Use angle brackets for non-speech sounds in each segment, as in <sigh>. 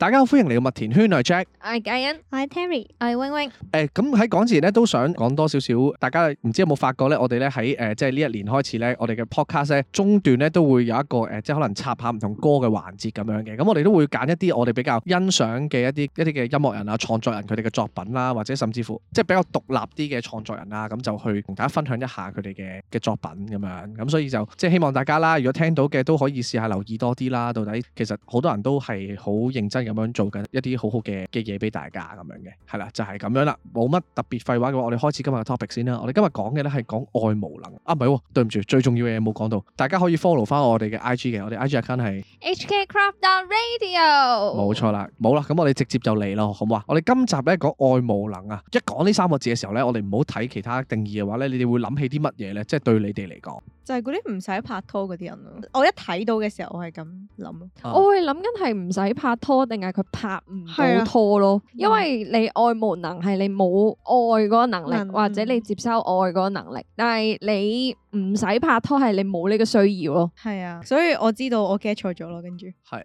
大家好，歡迎嚟到麥田圈。我係 Jack，我係佳欣，我係 Terry，我係 wing wing。誒、呃，咁喺講之前咧，都想講多少少。大家唔知有冇發覺咧，我哋咧喺、誒，即係呢一年開始咧，我哋嘅 podcast 咧，中段咧都會有一個誒、呃，即係可能插下唔同歌嘅環節咁樣嘅。咁、嗯、我哋都會揀一啲我哋比較欣賞嘅一啲一啲嘅音樂人啊，創作人佢哋嘅作品啦，或者甚至乎即係比較獨立啲嘅創作人啊，咁、嗯、就去同大家分享一下佢哋嘅嘅作品咁樣。咁、嗯、所以就即係希望大家啦，如果聽到嘅都可以試下留意多啲啦。到底其實好多人都係好認真咁樣做緊一啲好好嘅嘅嘢俾大家咁樣嘅，係啦，就係咁樣啦，冇乜特別廢話嘅話，我哋開始今日嘅 topic 先啦。我哋今日講嘅咧係講愛無能，啊唔係，對唔住，最重要嘅嘢冇講到，大家可以 follow 翻我哋嘅 IG 嘅，我哋 IG account 係 HKcrop.radio，冇錯啦，冇啦，咁我哋直接就嚟咯，好唔好啊？我哋今集咧講愛無能啊，一講呢三個字嘅時候咧，我哋唔好睇其他定義嘅話咧，你哋會諗起啲乜嘢咧？即係對你哋嚟講。就係嗰啲唔使拍拖嗰啲人咯，我一睇到嘅時候，我係咁諗，啊、我會諗緊係唔使拍拖，定係佢拍唔到拖咯。是啊、因為你愛無能係你冇愛嗰個能力，能或者你接收愛嗰個能力，但係你。唔使拍拖，係你冇呢個需要咯。係啊，所以我知道我 get 錯咗咯，跟住係，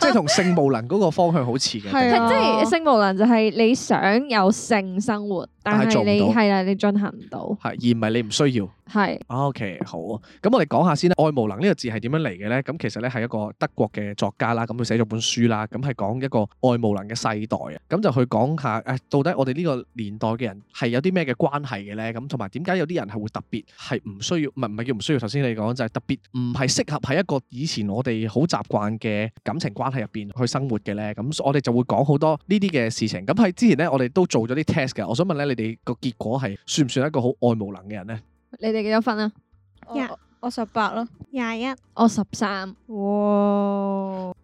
即係同性無能嗰個方向好似嘅。係即係性無能就係你想有性生活，但係你係啦，你進行唔到，係而唔係你唔需要。係，OK 好啊。咁我哋講下先啦，愛無能呢個字係點樣嚟嘅咧？咁其實咧係一個德國嘅作家啦，咁佢寫咗本書啦，咁係講一個愛無能嘅世代啊。咁就去講下誒，到底我哋呢個年代嘅人係有啲咩嘅關係嘅咧？咁同埋點解有啲人係會特別？係唔需要，唔係唔係叫唔需要。頭先你講就係、是、特別唔係適合喺一個以前我哋好習慣嘅感情關係入邊去生活嘅咧。咁我哋就會講好多呢啲嘅事情。咁喺之前咧，我哋都做咗啲 test 嘅。我想問咧，你哋個結果係算唔算一個好愛無能嘅人咧？你哋幾多分啊？廿我十八咯，廿一 1, 我十三。哇！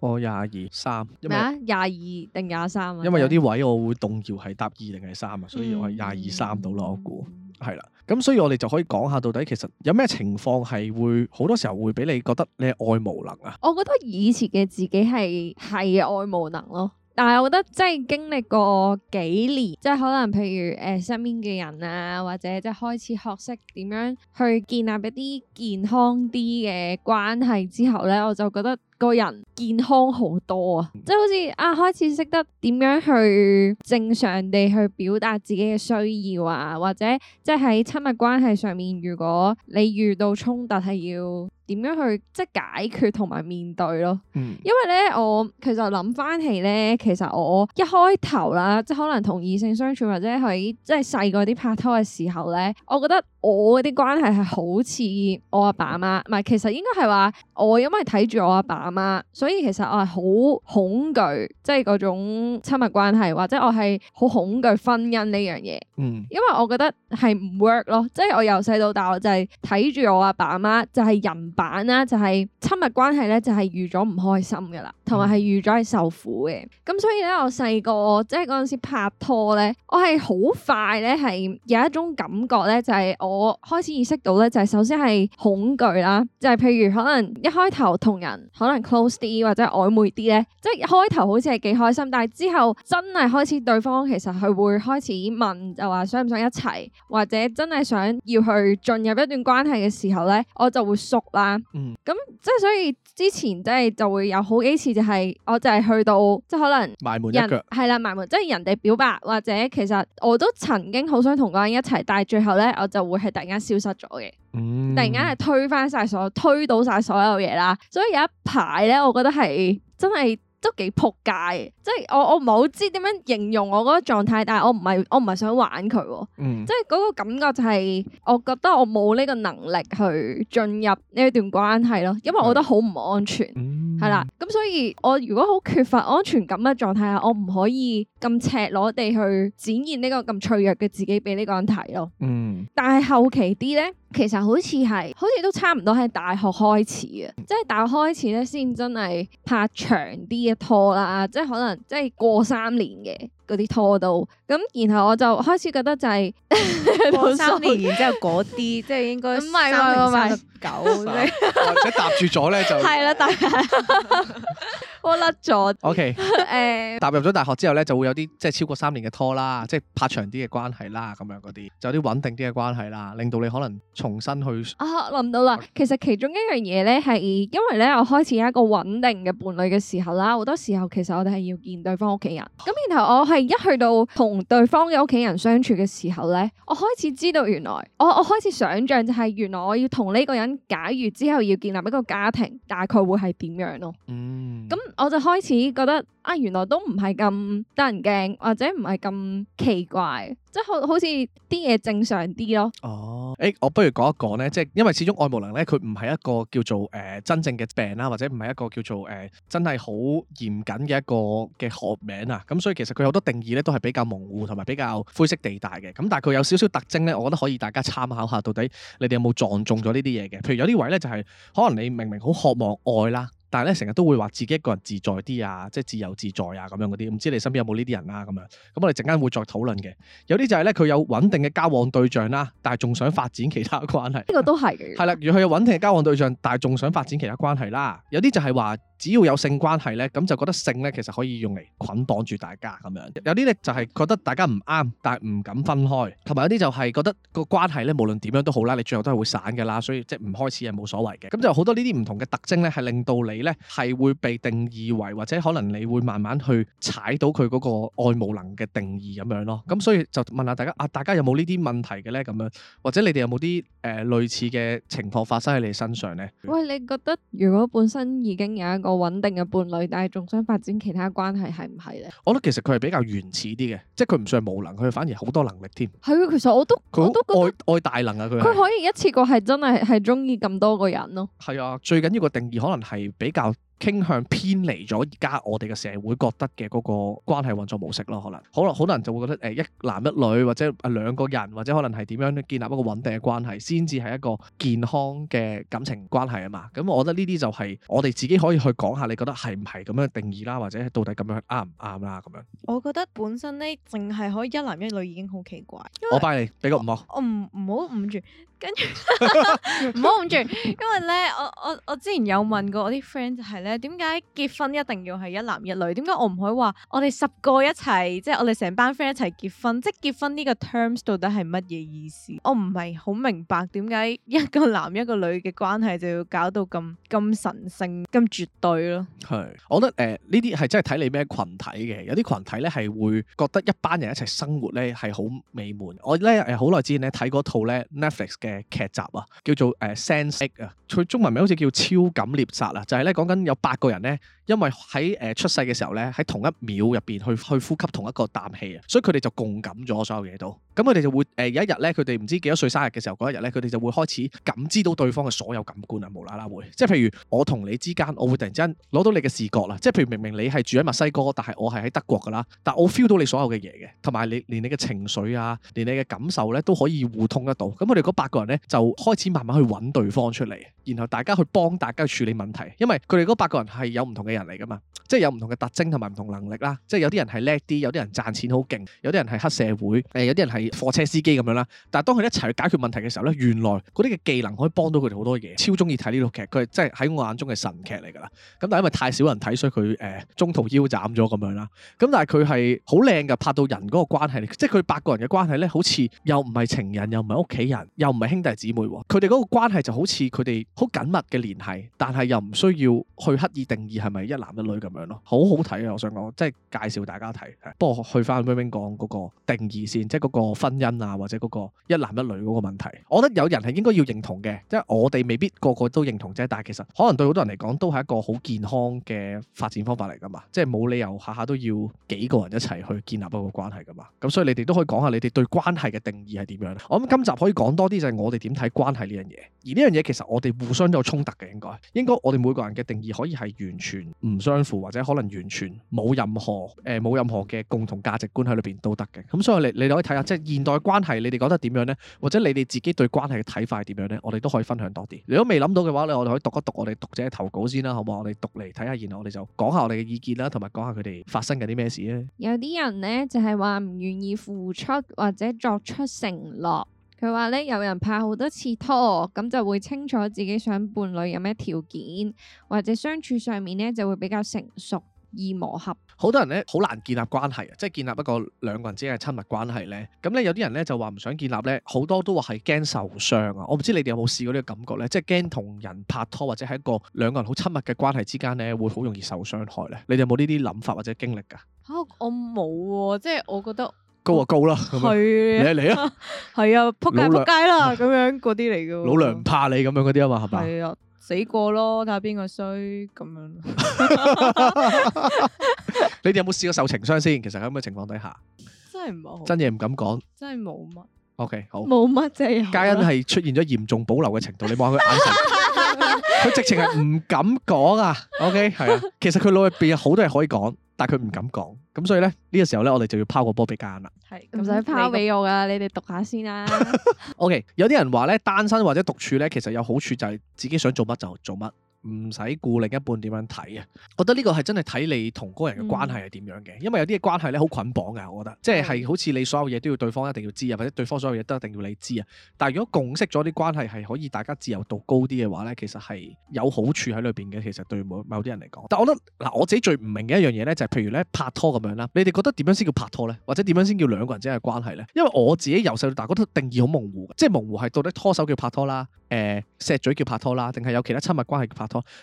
我廿二三。咩啊？廿二定廿三啊？因為有啲位我會動搖係搭二定係三啊，所以我係廿二三到咯。我估係啦。嗯咁所以我哋就可以講下到底其實有咩情況係會好多時候會俾你覺得你係愛無能啊？我覺得以前嘅自己係係愛無能咯，但係我覺得即係經歷過幾年，即係可能譬如身邊嘅人啊，或者即係開始學識點樣去建立一啲健康啲嘅關係之後呢，我就覺得個人。健康好多啊！即係好似啊，開始識得點樣去正常地去表達自己嘅需要啊，或者即係喺親密關係上面，如果你遇到衝突係要點樣去即係解決同埋面對咯。嗯，因為咧我其實諗翻起咧，其實我一開頭啦，即係可能同異性相處或者喺即係細個啲拍拖嘅時候咧，我覺得我嗰啲關係係好似我阿爸阿媽唔係，其實應該係話，我因為睇住我阿爸阿媽，所以。所以其實我係好恐懼，即係嗰種親密關係，或者我係好恐懼婚姻呢樣嘢。嗯，因為我覺得係唔 work 咯，即係我由細到大，我就係睇住我阿爸阿媽，就係人版啦，就係親密關係咧，就係預咗唔開心噶啦，同埋係預咗係受苦嘅。咁所以咧，我細個即係嗰陣時拍拖咧，我係好快咧係有一種感覺咧，就係我開始意識到咧，就係首先係恐懼啦，就係譬如可能一開頭同人可能 close 啲或者曖昧啲咧，即係開頭好似係幾開心，但係之後真係開始對方其實佢會開始問就話想唔想一齊，或者真係想要去進入一段關係嘅時候咧，我就會縮啦。咁、嗯、即係所以之前即係就會有好幾次就係我就係去到即係可能人埋門一腳，係啦埋門，即係人哋表白或者其實我都曾經好想同嗰人一齊，但係最後咧我就會係突然間消失咗嘅。突然間係推翻晒所有，推到晒所有嘢啦，所以有一排咧，我覺得係真係都幾扑街，即係我我唔係好知點樣形容我嗰個狀態，但係我唔係我唔係想玩佢，嗯、即係嗰個感覺就係、是、我覺得我冇呢個能力去進入呢一段關係咯，因為我覺得好唔安全，係、嗯、啦，咁所以我如果好缺乏安全感嘅狀態下，我唔可以咁赤裸地去展現呢個咁脆弱嘅自己俾呢個人睇咯，嗯、但係後期啲咧。其實好似係，好似都差唔多喺大學開始啊！即係大學開始咧，先真係拍長啲嘅拖啦，即係可能即係過三年嘅嗰啲拖到。咁。然後我就開始覺得就係、是、三年， <laughs> 然之後嗰啲即係應該唔係唔係狗 <laughs> 或者搭住咗咧 <laughs> 就係啦，但係 <laughs> <laughs> 我甩咗了。OK，誒，踏入咗大學之後咧，就會有啲即係超過三年嘅拖啦，即係拍長啲嘅關係啦，咁樣嗰啲，就有啲穩定啲嘅關係啦，令到你可能重新去啊諗到啦。其實其中一樣嘢咧，係因為咧我開始有一個穩定嘅伴侶嘅時候啦，好多時候其實我哋係要見對方屋企人。咁然後我係一去到同對方嘅屋企人相處嘅時候咧，我開始知道原來我我開始想象就係原來我要同呢個人。假如之後要建立一個家庭，大概會係點樣咯？咁、嗯、我就開始覺得、啊、原來都唔係咁得人驚，或者唔係咁奇怪。即係好好似啲嘢正常啲咯。哦，誒、欸，我不如講一講咧，即係因為始終愛慕能愛無能咧，佢唔係一個叫做誒、呃、真正嘅病啦，或者唔係一個叫做誒、呃、真係好嚴謹嘅一個嘅學名啊。咁所以其實佢好多定義咧都係比較模糊同埋比較灰色地帶嘅。咁但係佢有少少特徵咧，我覺得可以大家參考下，到底你哋有冇撞中咗呢啲嘢嘅？譬如有啲位咧就係、是、可能你明明好渴望愛啦。但係咧，成日都會話自己一個人自在啲啊，即係自由自在啊，咁樣嗰啲，唔知你身邊有冇呢啲人啊？咁樣，咁我哋陣間會再討論嘅。有啲就係咧，佢有穩定嘅交往對象啦，但係仲想發展其他關係。呢個都係嘅。係啦， <laughs> 如果佢有穩定嘅交往對象，但係仲想發展其他關係啦。有啲就係話。只要有性關係咧，咁就覺得性咧其實可以用嚟捆綁住大家咁樣。有啲咧就係覺得大家唔啱，但係唔敢分開。同埋有啲就係覺得個關係咧，無論點樣都好啦，你最後都係會散㗎啦，所以即係唔開始係冇所謂嘅。咁就好多呢啲唔同嘅特徵咧，係令到你咧係會被定義為或者可能你會慢慢去踩到佢嗰個愛無能嘅定義咁樣咯。咁所以就問下大家啊，大家有冇呢啲問題嘅咧？咁樣或者你哋有冇啲誒類似嘅情況發生喺你身上咧？喂，你覺得如果本身已經有一個個穩定嘅伴侶，但係仲想發展其他關係，係唔係咧？我覺得其實佢係比較原始啲嘅，即係佢唔算係無能，佢反而好多能力添。係啊，其實我都他很 我都覺得愛，愛大能啊，佢佢可以一次過係真係係中意咁多個人咯。係啊，最緊要個定義可能係比較。傾向偏離咗而家我哋嘅社會覺得嘅嗰個關係運作模式咯，可能好啦，好多人就會覺得誒、呃、一男一女或者啊兩個人或者可能係點樣建立一個穩定嘅關係，先至係一個健康嘅感情關係啊嘛。咁、嗯、我覺得呢啲就係我哋自己可以去講下，你覺得係唔係咁樣定義啦，或者到底咁樣啱唔啱啦咁樣。我覺得本身呢，淨係可以一男一女已經好奇怪。我，我拜你俾個五毛。我唔唔好捂住。跟住唔好咁住，因為咧，我我我之前有問過我啲 friend，就係咧，點解結婚一定要係一男一女？點解我唔可以話我哋十個一齊，即係我哋成班 friend 一齊結婚？即係結婚呢個 terms 到底係乜嘢意思？我唔係好明白點解一個男一個女嘅關係就要搞到咁咁神聖咁絕對咯？係，我覺得誒呢啲係真係睇你咩群體嘅，有啲群體咧係會覺得一班人一齊生活咧係好美滿。我咧誒好耐之前咧睇嗰套咧 Netflix 嘅。誒，劇、呃、集啊，叫做誒《Sense、呃、X》啊，佢中文名好似叫《超感獵殺》啊，就係咧講緊有八個人咧，因為喺誒、呃、出世嘅時候咧，喺同一秒入邊去去呼吸同一個啖氣啊，所以佢哋就共感咗所有嘢都。咁佢哋就會誒有、呃、一日咧，佢哋唔知幾多歲生日嘅時候嗰一日咧，佢哋就會開始感知到對方嘅所有感官啊，無啦啦會，即係譬如我同你之間，我會突然間攞到你嘅視覺啦，即係譬如明明你係住喺墨西哥，但係我係喺德國噶啦，但我 feel 到你所有嘅嘢嘅，同埋你連你嘅情緒啊，連你嘅感受咧都可以互通得到。咁佢哋嗰八個人咧就開始慢慢去揾對方出嚟，然後大家去幫大家去處理問題，因為佢哋嗰八個人係有唔同嘅人嚟噶嘛，即係有唔同嘅特徵同埋唔同能力啦，即係有啲人係叻啲，有啲人賺錢好勁，有啲人係黑社會，誒、呃、有啲人係。貨車司機咁樣啦，但係當佢一齊去解決問題嘅時候呢，原來嗰啲嘅技能可以幫到佢哋好多嘢。超中意睇呢套劇，佢係真係喺我眼中嘅神劇嚟噶啦。咁但係因為太少人睇，所以佢誒、呃、中途腰斬咗咁樣啦。咁但係佢係好靚噶，拍到人嗰個關係，即係佢八個人嘅關係呢，好似又唔係情人，又唔係屋企人，又唔係兄弟姊妹。佢哋嗰個關係就好似佢哋好緊密嘅聯繫，但係又唔需要去刻意定義係咪一男一女咁樣咯。好好睇啊！我想講，即係介紹大家睇。不過去翻 wing wing 講嗰個定義先，即係嗰、嗰個。婚姻啊，或者嗰個一男一女嗰個問題，我覺得有人係應該要認同嘅，即係我哋未必個個都認同啫。但係其實可能對好多人嚟講都係一個好健康嘅發展方法嚟噶嘛，即係冇理由下下都要幾個人一齊去建立一個關係噶嘛。咁所以你哋都可以講下你哋對關係嘅定義係點樣。我諗今集可以講多啲就係我哋點睇關係呢樣嘢，而呢樣嘢其實我哋互相都有衝突嘅，應該應該我哋每個人嘅定義可以係完全唔相符，或者可能完全冇任何誒冇、呃、任何嘅共同價值觀喺裏邊都得嘅。咁所以你你都可以睇下即係。現代關係你哋覺得點樣呢？或者你哋自己對關係嘅睇法係點樣呢？我哋都可以分享多啲。如果未諗到嘅話咧，我哋可以讀一讀我哋讀者投稿先啦，好唔好？我哋讀嚟睇下，然後我哋就講下我哋嘅意見啦，同埋講下佢哋發生緊啲咩事咧。有啲人呢，就係話唔願意付出或者作出承諾。佢話咧有人拍好多次拖，咁就會清楚自己想伴侶有咩條件，或者相處上面呢，就會比較成熟。易磨合，好多人咧好難建立關係啊，即係建立一個兩個人之間嘅親密關係咧。咁咧有啲人咧就話唔想建立咧，好多都話係驚受傷啊。我唔知你哋有冇試過呢個感覺咧，即係驚同人拍拖或者係一個兩個人好親密嘅關係之間咧，會好容易受傷害咧。你哋有冇呢啲諗法或者經歷噶？吓我冇喎、啊，即係我覺得高，高啊，高啦，嚟嚟啊，係 <laughs> 啊扑街扑街啦，咁老娘、啊、樣嗰啲嚟嘅，啊、老娘怕你咁樣嗰啲啊嘛，係啊。死過咯，睇下邊個衰咁樣。你哋有冇試過受情傷先？其實喺咁嘅情況底下，真係冇，真嘢唔敢講，真係冇乜。OK，好，冇乜即係。嘉欣係出現咗嚴重保留嘅程度，你望佢眼神，佢直情係唔敢講啊。OK，係啊，其實佢腦入邊有好多嘢可以講。但佢唔敢講，咁所以咧呢、呢個時候咧，我哋就要拋個波俾間啦。係，咁想拋俾我噶，你哋讀一下先啦、啊。 <laughs> <laughs> OK，有啲人話咧，單身或者獨處咧，其實有好處就係自己想做乜就做乜。唔使顧另一半點樣睇啊！我覺得呢個係真係睇你同嗰個人嘅關係係點樣嘅，因為有啲嘅關係咧，好捆綁嘅，我覺得即係好似你所有嘢都要對方一定要知啊，或者對方所有嘢都一定要你知啊。但係如果共識咗啲關係係可以大家自由度高啲嘅話呢，其實係有好處喺裏邊嘅。其實對某某啲人嚟講，但我覺得嗱，我自己最唔明嘅一樣嘢呢，就係譬如咧，拍拖咁樣啦，你哋覺得點樣先叫拍拖呢？或者點樣先叫兩個人之間嘅關係呢？因為我自己由細到大覺得定義好模糊，即係模糊係到底拖手叫拍拖啦，誒錫嘴叫拍拖啦，定係有其他親密關係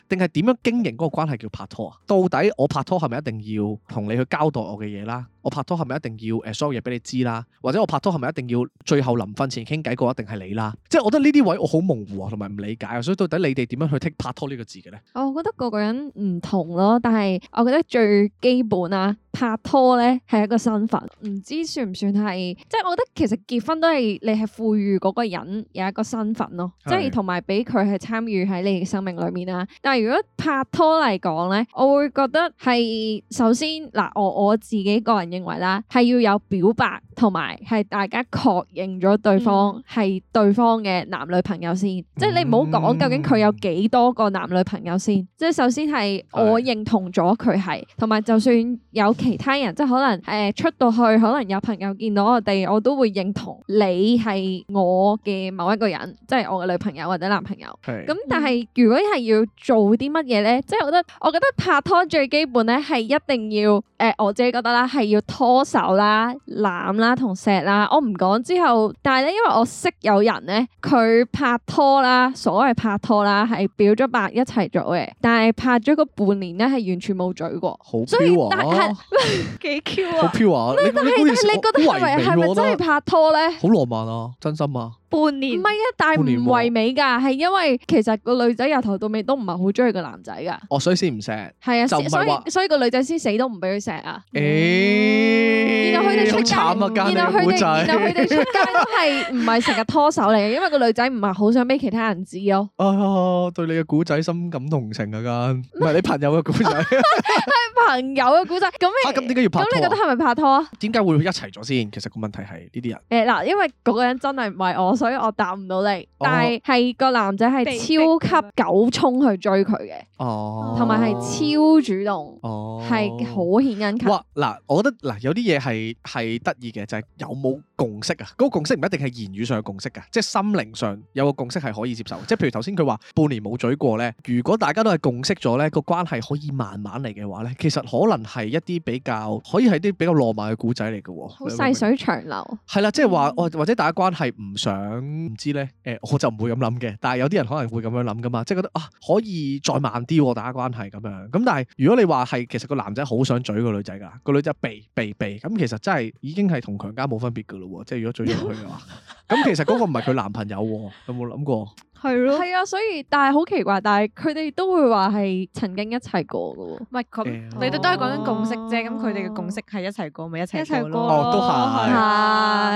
定係點樣經營嗰個關係叫拍拖啊？到底我拍拖係咪一定要同你去交代我嘅嘢啦？我拍拖係咪一定要誒所有嘢俾你知啦？或者我拍拖係咪一定要最後臨瞓前傾偈過一定係你啦？即係我覺得呢啲位我好模糊啊，同埋唔理解啊，所以到底你哋點樣去剔拍拖呢個字嘅咧？我覺得個個人唔同咯，但係我覺得最基本啊，拍拖咧係一個身份，唔知算唔算係？即係我覺得其實結婚都係你係賦予嗰個人有一個身份咯，是即係同埋俾佢係參與喺你嘅生命裡面啦、啊。但係如果拍拖嚟講咧，我會覺得係首先嗱，我我自己個人。認為啦，係要有表白，同埋係大家確認咗對方係對方嘅男女朋友先。嗯、即係你唔好講究竟佢有幾多個男女朋友先。即係首先係我認同咗佢係，同埋是就算有其他人，即係可能誒、呃、出到去，可能有朋友見到我哋，我都會認同你係我嘅某一個人，即係我嘅女朋友或者男朋友。咁是但係、嗯、如果係要做啲乜嘢咧，即係我覺得，我覺得拍拖最基本咧係一定要誒、呃，我自己覺得啦，係要。拖手啦、攬啦、同錫啦，我唔講之後，但係咧，因為我識有人咧，佢拍拖啦，所謂拍拖啦，係表咗白一齊做嘅，但係拍咗個半年咧，係完全冇嘴過，好飄啊，幾 Q 啊，好 Q 啊，你都係，你覺得以為係咪真係拍拖咧？好浪漫啊，真心啊！半年唔係啊，但係唔為美㗎，係因為其實個女仔由頭到尾都唔係好中意個男仔㗎。哦，所以先唔錫。係啊，就所以所以個女仔先死都唔俾佢錫啊。然後佢哋出街，然後佢哋出街都係唔係成日拖手嚟嘅，因為個女仔唔係好想俾其他人知咯。啊，對你嘅古仔深感同情啊！咁唔係你朋友嘅古仔，係朋友嘅古仔。咁啊，咁點解要拍？咁你覺得係咪拍拖啊？點解會一齊咗先？其實個問題係呢啲人。誒嗱，因為嗰個人真係唔係我。所以我答唔到你，哦、但係係個男仔係超級狗沖去追佢嘅，同埋係超主動，係好顯恩哇！嗱，我覺得嗱，有啲嘢係係得意嘅，就係、是、有冇共識啊？嗰、那個共識唔一定係言語上嘅共識啊，即係心靈上有個共識係可以接受。即係譬如頭先佢話半年冇嘴過咧，如果大家都係共識咗咧，個關係可以慢慢嚟嘅話咧，其實可能係一啲比較可以係啲比較浪漫嘅古仔嚟嘅，好細水長流。係啦、嗯，即係話或或者大家關係唔上。想唔知咧？誒、欸，我就唔會咁諗嘅。但係有啲人可能會咁樣諗㗎嘛，即係覺得啊，可以再慢啲，大家關係咁樣。咁但係如果你話係，其實個男仔好想嘴個女仔㗎，個女仔避避避。咁、嗯、其實真係已經係同強姦冇分別㗎咯喎。即係如果嘴落去嘅話，咁 <laughs> 其實嗰個唔係佢男朋友喎。有冇諗過？係咯，係對啊，所以但係好奇怪，但係佢哋都會話係曾經一齊過噶喎。唔係咁，嗯、你哋都係講緊共識啫。咁佢哋嘅共識係一齊過，咪一齊一齊咯、哦。都係。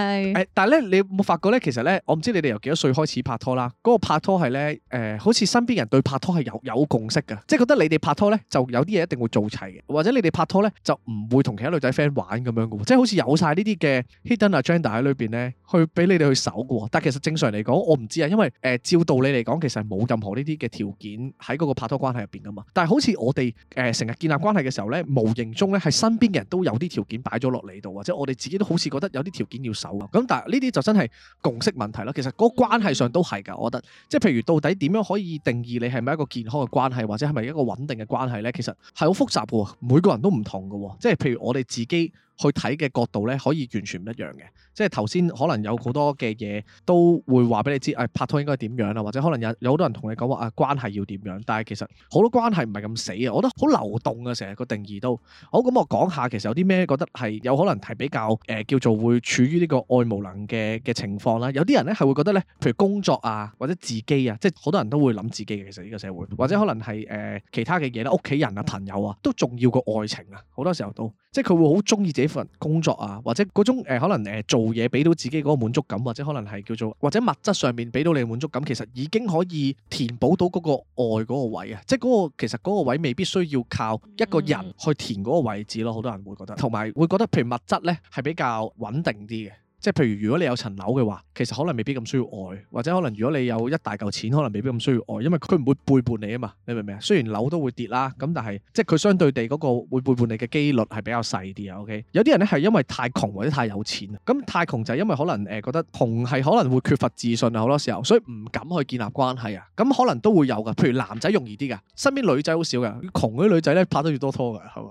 誒是是、欸，但係咧，你有冇發覺咧？其實咧，我唔知你哋由幾多歲開始拍拖啦。嗰、那個拍拖係咧，誒、呃，好似身邊人對拍拖係有有共識噶，即係覺得你哋拍拖咧，就有啲嘢一定會做齊嘅，或者你哋拍拖咧就唔會同其他女仔 friend 玩咁樣噶。即係好似有晒呢啲嘅 hidden agenda 喺裏邊咧，去俾你哋去搜噶。但係其實正常嚟講，我唔知啊，因為誒、呃，照道。你嚟講其實係冇任何呢啲嘅條件喺嗰個拍拖關係入邊噶嘛？但係好似我哋誒成日建立關係嘅時候咧，無形中咧係身邊嘅人都有啲條件擺咗落嚟度，或者我哋自己都好似覺得有啲條件要守。咁但係呢啲就真係共識問題啦。其實嗰個關係上都係噶，我覺得即係譬如到底點樣可以定義你係咪一個健康嘅關係，或者係咪一個穩定嘅關係咧？其實係好複雜噶，每個人都唔同噶。即係譬如我哋自己。去睇嘅角度咧，可以完全唔一樣嘅。即係頭先可能有好多嘅嘢都會話俾你知，誒、哎、拍拖應該點樣啊，或者可能有有好多人同你講話啊關係要點樣，但係其實好多關係唔係咁死啊，我覺得好流動啊，成日個定義都好。咁我講下其實有啲咩覺得係有可能係比較誒、呃、叫做會處於呢個愛無能嘅嘅情況啦、啊。有啲人咧係會覺得咧，譬如工作啊或者自己啊，即係好多人都會諗自己嘅。其實呢個社會或者可能係誒、呃、其他嘅嘢啦，屋企人啊朋友啊都重要過愛情啊。好多時候都即係佢會好中意自己。份工作啊，或者嗰種誒、呃，可能誒、呃、做嘢俾到自己嗰個滿足感，或者可能係叫做或者物質上面俾到你嘅滿足感，其實已經可以填補到嗰個愛嗰個位啊，即係嗰、嗰個其實嗰個位未必需要靠一個人去填嗰個位置咯，好多人會覺得，同埋會覺得譬如物質咧係比較穩定啲嘅。即係譬如如果你有層樓嘅話，其實可能未必咁需要愛，或者可能如果你有一大嚿錢，可能未必咁需要愛，因為佢唔會背叛你啊嘛。你明唔明啊？雖然樓都會跌啦，咁但係即係佢相對地嗰個會背叛你嘅機率係比較細啲啊。OK，有啲人咧係因為太窮或者太有錢啊。咁太窮就係因為可能誒覺得窮係可能會缺乏自信啊，好多時候，所以唔敢去建立關係啊。咁可能都會有噶，譬如男仔容易啲噶，身邊女仔好少嘅，窮嗰啲女仔咧拍得越多拖嘅，係嘛？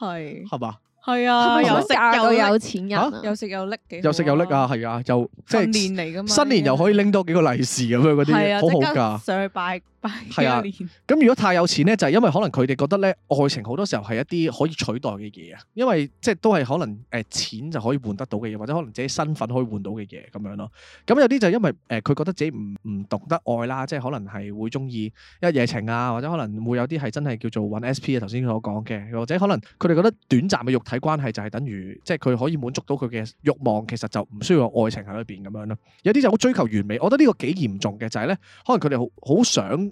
係是，係嘛？係啊，又食又有錢人，又食又拎嘅，又食又拎啊，係啊，又即係新年嚟噶嘛，新年又可以拎多幾個利是啊咁樣嗰啲嘢，好好噶。上去拜拜。係啊，咁如果太有錢咧，就係、是、因為可能佢哋覺得咧，愛情好多時候係一啲可以取代嘅嘢啊，因為即係都係可能誒錢就可以換得到嘅嘢，或者可能自己身份可以換到嘅嘢咁樣咯。咁有啲就因為誒佢、呃、覺得自己唔唔懂得愛啦，即係可能係會鍾意一夜情啊，或者可能會有啲係真係叫做搵 S.P. 頭先所講嘅，或者可能佢哋覺得短暫嘅肉體關係就係等於即係佢可以滿足到佢嘅欲望，其實就唔需要愛情喺裏邊咁樣咯。有啲就好追求完美，我覺得呢個幾嚴重嘅就係、是、咧，可能佢哋好好想。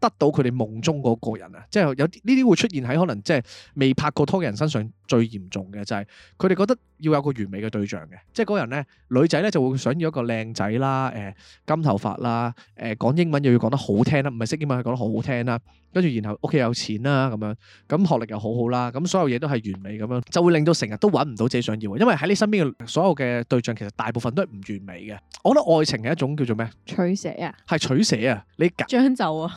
得到佢哋夢中嗰個人啊，即係有啲呢啲會出現喺可能即係未拍過拖嘅人身上，最嚴重嘅就係佢哋覺得要有個完美嘅對象嘅，即係嗰個人呢，女仔呢就會想要一個靚仔啦，誒金頭髮啦，誒講英文又要講得好聽啦，唔係識英文要講得好好聽啦，跟住然後屋企有錢啦咁樣，咁學歷又好好啦，咁所有嘢都係完美咁樣，就會令到成日都揾唔到自己想要，因為喺你身邊嘅所有嘅對象其實大部分都係唔完美嘅。我覺得愛情係一種叫做咩？取捨啊，係取捨啊，你夾將就啊。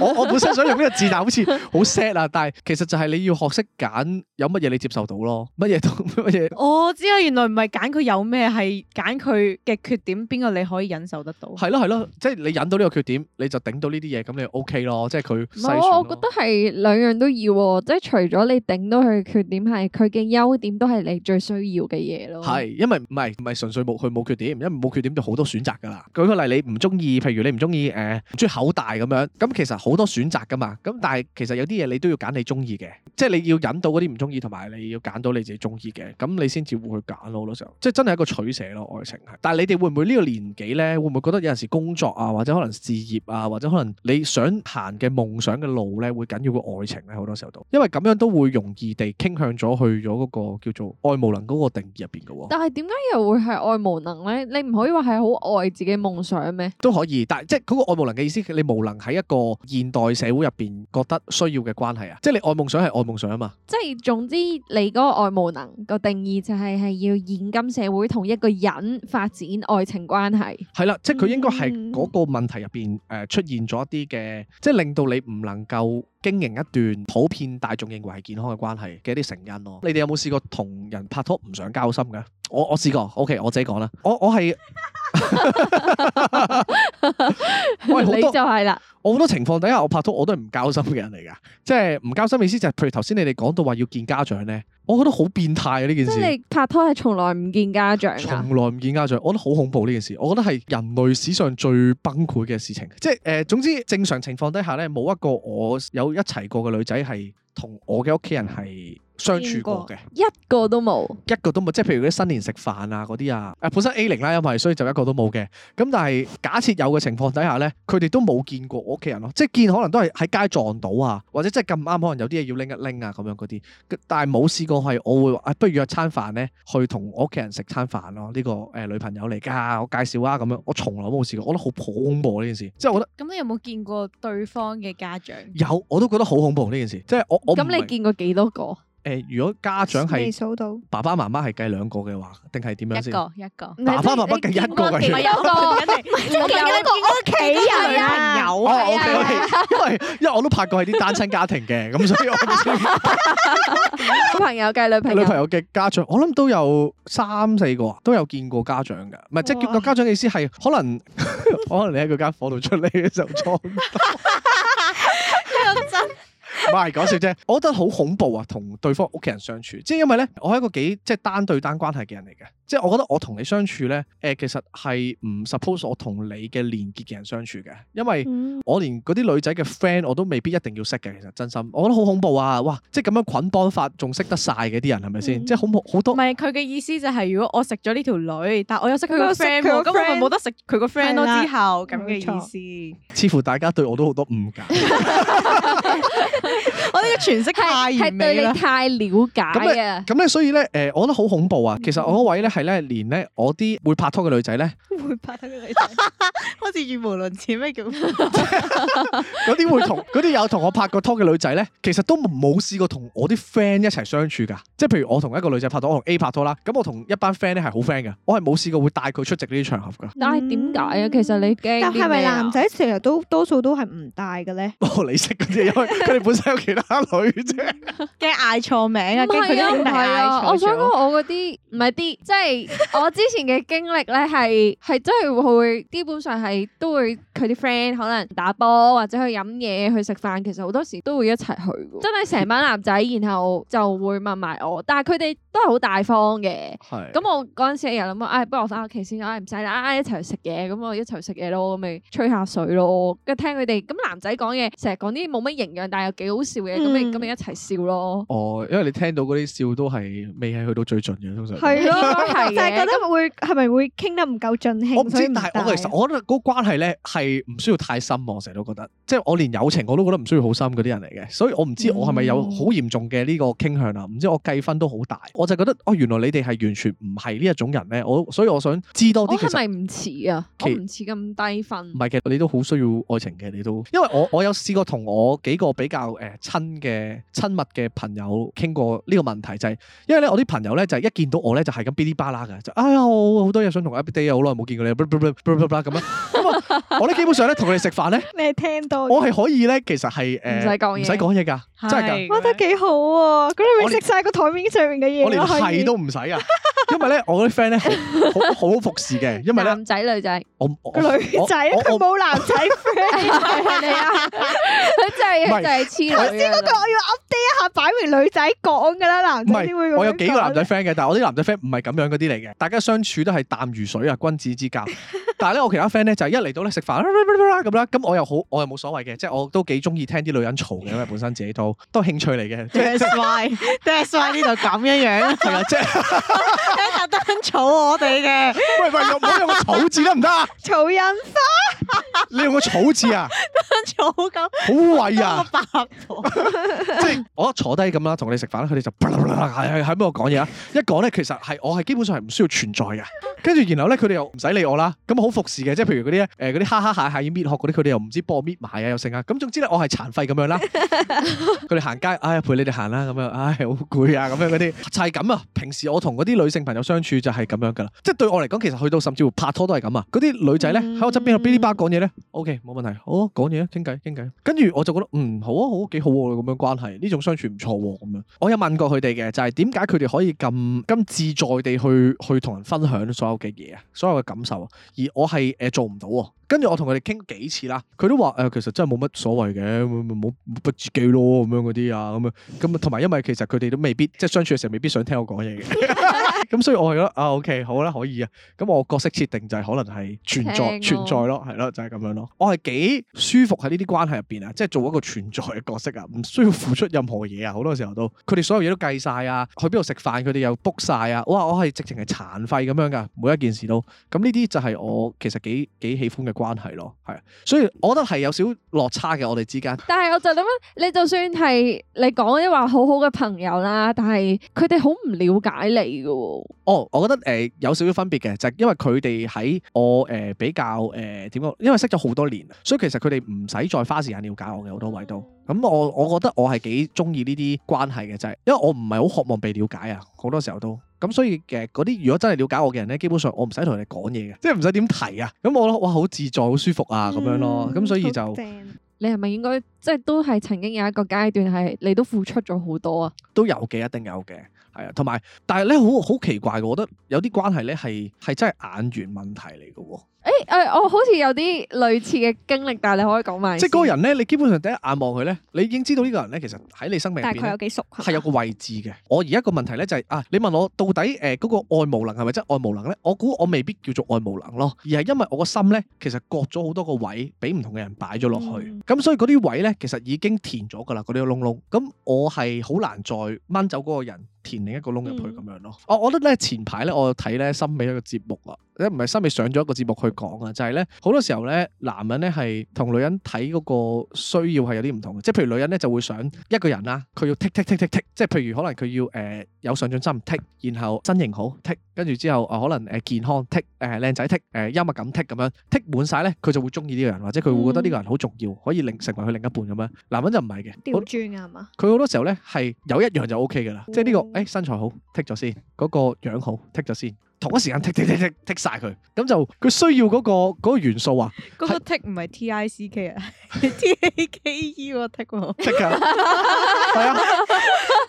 我我本身想用呢個字，但係好似好 sad 啊！但係其實就係你要學識揀有乜嘢你接受到咯，乜嘢都乜嘢。我知啊，原來唔係揀佢有咩，係揀佢嘅缺點邊個你可以忍受得到。係咯係咯，即係你忍到呢個缺點，你就頂到呢啲嘢，咁你 OK 咯。即係佢。唔係，我覺得係兩樣都要，即係除咗你頂到佢嘅缺點，係佢嘅優點都係你最需要嘅嘢咯。係，因為唔係唔係純粹冇佢冇缺點，因為冇缺點就好多選擇㗎啦。舉個例，你唔中意，譬如你唔中意誒，唔中意口大咁樣，咁其實好。好多選擇㗎嘛，咁但係其實有啲嘢你都要揀你中意嘅，即係你要引到嗰啲唔中意，同埋你要揀到你自己中意嘅，咁你先至會去揀咯。好多時候，即係真係一個取捨咯，愛情係。但係你哋會唔會呢個年紀呢？會唔會覺得有陣時工作啊，或者可能事業啊，或者可能你想行嘅夢想嘅路呢，會緊要過愛情呢？好多時候都，因為咁樣都會容易地傾向咗去咗嗰個叫做愛無能嗰個定義入邊嘅喎。但係點解又會係愛無能呢？你唔可以話係好愛自己夢想咩？都可以，但係即係嗰個愛無能嘅意思，你無能喺一個現代社會入邊覺得需要嘅關係啊，即係你愛夢想係愛夢想啊嘛。即係總之，你嗰個愛無能個定義就係係要現今社會同一個人發展愛情關係。係啦，即係佢應該係嗰個問題入邊誒出現咗一啲嘅，嗯、即係令到你唔能夠經營一段普遍大眾認為係健康嘅關係嘅一啲成因咯。你哋有冇試過同人拍拖唔想交心嘅？我我試過。OK，我自己講啦。我我係。 <laughs> <laughs> 喂，你就係啦。我好多情況底下我拍拖我都係唔交心嘅人嚟㗎，即係唔交心嘅意思就係、是，譬如頭先你哋講到話要見家長咧，我覺得好變態啊呢件事。即係拍拖係從來唔見家長，從來唔見家長，我覺得好恐怖呢件事。我覺得係人類史上最崩潰嘅事情。即係誒、呃，總之正常情況底下咧，冇一個我有一齊過嘅女仔係同我嘅屋企人係。相處過嘅一個都冇，一個都冇，即係譬如啲新年食飯啊嗰啲啊，誒本身 A 零啦，因為所以就一個都冇嘅。咁但係假設有嘅情況底下咧，佢哋都冇見過我屋企人咯，即係見可能都係喺街撞到啊，或者即係咁啱可能有啲嘢要拎一拎啊咁樣嗰啲。但係冇試過係我會話、啊、不如約餐飯咧，去同我屋企人食餐飯咯。呢、呢個誒女朋友嚟㗎，我介紹啊咁樣，我從來都冇試過，我覺得好恐怖呢件事。即係我覺得咁，你有冇見過對方嘅家長？有，我都覺得好恐怖呢件事。即係我我咁你見過幾多個？誒，如果家長係爸爸媽媽係計兩個嘅話，定係點樣先？一個爸爸媽媽計一個，爸爸媽媽計一個，唔係有個，唔係計一個屋企人啊！有，因為因為我都拍過啲單親家庭嘅，咁 <laughs> 所以女朋友計女朋友嘅家長，我諗都有三四個啊，都有見過家長噶，唔係哇即係見過家長嘅意思係可能 <laughs> 可能你喺佢間房度出嚟嘅時候撞。 <laughs> 唔係講笑啫，我覺得好恐怖啊！同對方屋企人相處，即係因為咧，我係一個幾即係單對單關係嘅人嚟嘅，即係我覺得我同你相處咧，誒、呃，其實係唔 suppose 我同你嘅連結嘅人相處嘅，因為我連嗰啲女仔嘅 friend 我都未必一定要識嘅。其實真心，我覺得好恐怖啊！哇，即係咁樣捆綁法，仲識得晒嘅啲人係咪先？是是嗯、即係好好多。唔係，佢嘅意思就係、是，如果我食咗呢條女，但我又識佢個 friend，咁我咪冇得食佢個 friend 咯。之後咁嘅了意思。似乎大家對我都好多誤解。 <laughs> <laughs> 我呢個詮釋太係對你太了解啊！咁咧，所以咧，誒，我覺得好恐怖啊！其實我嗰位咧係咧，連咧我啲會拍拖嘅女仔咧，會拍拖嘅女仔，好似語無倫次，咩叫？ <laughs> <laughs> 嗰啲會同，嗰啲有同我拍過拖嘅女仔咧，其實都冇試過同我啲 friend 一齊相處噶。即係譬如我同一個女仔拍拖，我同 A 拍拖啦，咁我同一班 friend 咧係好 friend 噶，我係冇試過會帶佢出席呢啲場合噶。但係點解啊？其實你驚，但係咪男仔成日都多數都係唔帶嘅咧？哦，你識嗰啲，因為佢哋本身。有其他女啫，驚嗌錯名 <laughs> 啊！唔係啊， <laughs> 我想講我嗰啲唔係啲，即係我之前嘅經歷咧，係係真係會基本上係都會佢啲 friend 可能打波或者去飲嘢去食飯，其實好多時都會一齊去，真係成班男仔，然後就會問埋我，但係佢哋都係好大方嘅。咁， <laughs> 我嗰陣時又諗唉，不如我返屋企先唉，唔使啦，一齊食嘢，咁我一齊食嘢咯，咁咪吹下水咯。跟住聽佢哋咁男仔講嘢，成日講啲冇乜營養，但係又幾好。好笑嘅，咁、嗯、你咁你一齊笑咯。哦，因為你聽到嗰啲笑都係未係去到最盡嘅，通常係咯，係 <laughs> 就係覺得 <laughs> 會係咪會傾得唔夠盡興？我唔知，但係我其實我覺得嗰個關係咧係唔需要太深喎，成日都覺得，即係我連友情我都覺得唔需要好深嗰啲人嚟嘅，所以我唔知我係咪有好嚴重嘅呢個傾向啊？唔知我計分都好大，我就覺得哦，原來你哋係完全唔係呢一種人咧，我所以我想知多啲。我係咪唔似啊？其實，我唔似咁低分。唔係嘅，你都好需要愛情嘅，你都因為我我有試過同我幾個比較誒。呃親嘅親密嘅朋友傾過呢個問題，就係因為咧我啲朋友咧就係一見到我咧就係咁嗶哩吧啦嘅，就哎呀我好多嘢想同你 u 好耐冇見過你，咁啊！樣我咧基本上咧同佢哋食飯咧，你係聽到，我係可以咧，其實係誒唔使講嘢，唔使講嘢㗎，真係噶，覺得幾好喎！咁你食晒個台面上面嘅嘢，我連係都唔使啊！因為咧我啲 friend 咧好好服侍嘅，因為咧男仔女仔，我我女仔佢冇男仔 friend 係咪佢真係就係、是、黐。我知嗰句我要 update 一下，擺明女仔講嘅啦，男唔係。我有幾個男仔 friend 嘅，但係我啲男仔 friend 唔係咁樣嗰啲嚟嘅。大家相處都係淡如水啊，君子之交。但係咧，我其他 friend 咧就係一嚟到咧食飯咁啦，咁我又好，我又冇所謂嘅，即係我都幾中意聽啲女人嘈嘅，因為本身自己都都興趣嚟嘅。That's <laughs> why, 呢度咁樣樣，係咪即係特登嘈我哋嘅？ <laughs> 喂喂，唔好用個嘈字得唔得啊？吵人花，你用個嘈字啊？特登嘈咁，好喂啊！ <laughs> 即係我一坐低咁啦，同你食飯啦，佢哋就係係喺邊度講嘢啦。一講咧，其實係我係基本上係唔需要存在嘅。跟住然後咧，佢哋又唔使理我啦。咁好服侍嘅，即係譬如嗰啲誒嗰啲蝦蝦蟹蟹要搣殼嗰啲，佢、呃、哋又唔知幫我搣埋啊，又剩啊。咁總之咧，我係殘廢咁樣啦。佢哋行街，哎呀，陪你哋行啦，咁樣，哎，哎好攰啊，咁樣嗰啲就係咁啊。平時我同嗰啲女性朋友相處就係咁樣噶啦。即係對我嚟講，其實去到甚至乎拍拖都係咁啊。嗰啲女仔咧喺我側邊噼哩叭講嘢咧，OK 冇問題，好啊，講嘢啊，傾偈傾偈。跟住我就覺得嗯好啊好。好好好好好。幾好喎咁樣關係，呢種相處唔錯喎咁樣。我有問過佢哋嘅，就係點解佢哋可以咁咁自在地去去同人分享所有嘅嘢啊，所有嘅感受啊。而我係誒、呃、做唔到喎。跟住我同佢哋傾幾次啦，佢都話誒、呃、其實真係冇乜所謂嘅，冇不自己咯咁樣嗰啲啊咁樣咁同埋，因為其實佢哋都未必即係相處嘅時候未必想聽我講嘢嘅。 <laughs> 咁、 <laughs> <laughs> 嗯、所以，我係覺得啊，OK，好啦，可以啊。咁、嗯、我角色設定就係可能係存在，啊、存在咯，係咯，就係、係、咁樣咯。我係幾舒服喺呢啲關係入邊啊，即係做一個存在嘅角色啊，唔需要付出任何嘢啊。好多時候都佢哋所有嘢都計晒啊，去邊度食飯佢哋又 book 晒啊。哇，我係直情係殘廢咁樣噶，每一件事都。咁呢啲就係我其實幾幾喜歡嘅關係咯。係，所以我覺得係有少落差嘅，我哋之間。 <laughs> 但係我就咁樣，你就算係你講一話好好嘅朋友啦，但係佢哋好唔了解你嘅。哦，oh, 我覺得誒、呃、有少少分別嘅，就係、是，因為佢哋喺我誒、呃、比較誒點講，因為識咗好多年，所以其實佢哋唔使再花時間了解我嘅好多位，都咁我我覺得我係幾中意呢啲關係嘅，就係、是，因為我唔係好渴望被了解啊，好多時候都咁，所以嘅嗰啲如果真係了解我嘅人咧，基本上我唔使同佢哋講嘢嘅，即係唔使點提啊，咁我咯，哇好自在好舒服啊咁樣咯，咁、嗯、所以就棒你係咪應該即係都係曾經有一個階段係你都付出咗好多啊？都有嘅，一定有嘅。係啊，同埋，但係呢，好好奇怪，我覺得有啲關係咧，係真係眼緣問題嚟㗎喎。誒誒、欸欸，我好似有啲類似嘅經歷，但係你可以講埋。即係嗰個人咧，你基本上第一眼望佢咧，你已經知道呢個人咧，其實喺你生命入邊佢有幾熟？係有個位置嘅。我、嗯、而家個問題咧就係、是、啊，你問我到底誒嗰、呃那個愛無能係咪真愛無能咧？我估我未必叫做愛無能咯，而係因為我個心咧，其實割咗好多個位俾唔同嘅人擺咗落去，咁、嗯、所以嗰啲位咧，其實已經填咗噶啦，嗰啲窿窿。咁我係好難再掹走嗰個人，填另一個窿入去咁、嗯、樣咯。我我覺得咧，前排咧，我睇咧森美一個節目啊。咧，唔係收尾上咗一個節目去講啊，就係咧好多時候咧，男人咧係同女人睇嗰個需要係有啲唔同嘅，即係譬如女人咧就會想一個人啦，佢要剔剔剔剔剔，即係譬如可能佢要誒、呃、有上進心剔，然後身形好剔，跟住之後啊可能誒健康剔，誒靚仔剔，誒幽默感剔咁樣剔滿晒咧，佢就會中意呢個人，或者佢會覺得呢個人好重要，可以令成為佢另一半咁樣。男人就唔係嘅，刁鑽噶係嘛？佢好多時候咧係有一樣就 O K 噶啦，嗯、即係、這、呢個誒身材好剔咗先，嗰、那個樣好剔咗先。同一時間 tick tick tick tick 晒佢，咁就佢需要嗰個嗰個元素啊。嗰個 tick 唔係 t i c k 啊，t a k e 㖏，tick 㖏，係啊，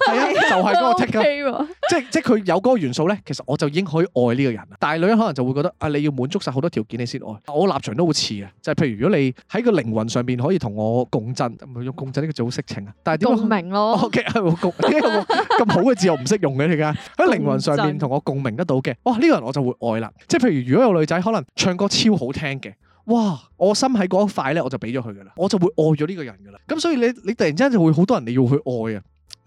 係啊，就係嗰個 tick 㖏，即即佢有嗰個元素咧，其實我就已經可以愛呢個人。但女人可能就會覺得啊，你要滿足晒好多條件你先愛。我立場都好似嘅，就係譬如如果你喺個靈魂上邊可以同我共振，唔係用共振呢個做色情啊？但係點啊？共鳴咯。O K 係共，點解我有個咁好嘅字我唔識用嘅你噶？喺靈魂上邊同我共鳴得到嘅，哇！呢個人我就會愛啦，即係譬如如果有女仔可能唱歌超好聽嘅，哇！我心喺嗰一塊呢，我就俾咗佢㗎喇，我就會愛咗呢個人㗎喇。咁所以你你突然之間就會好多人你要去愛啊。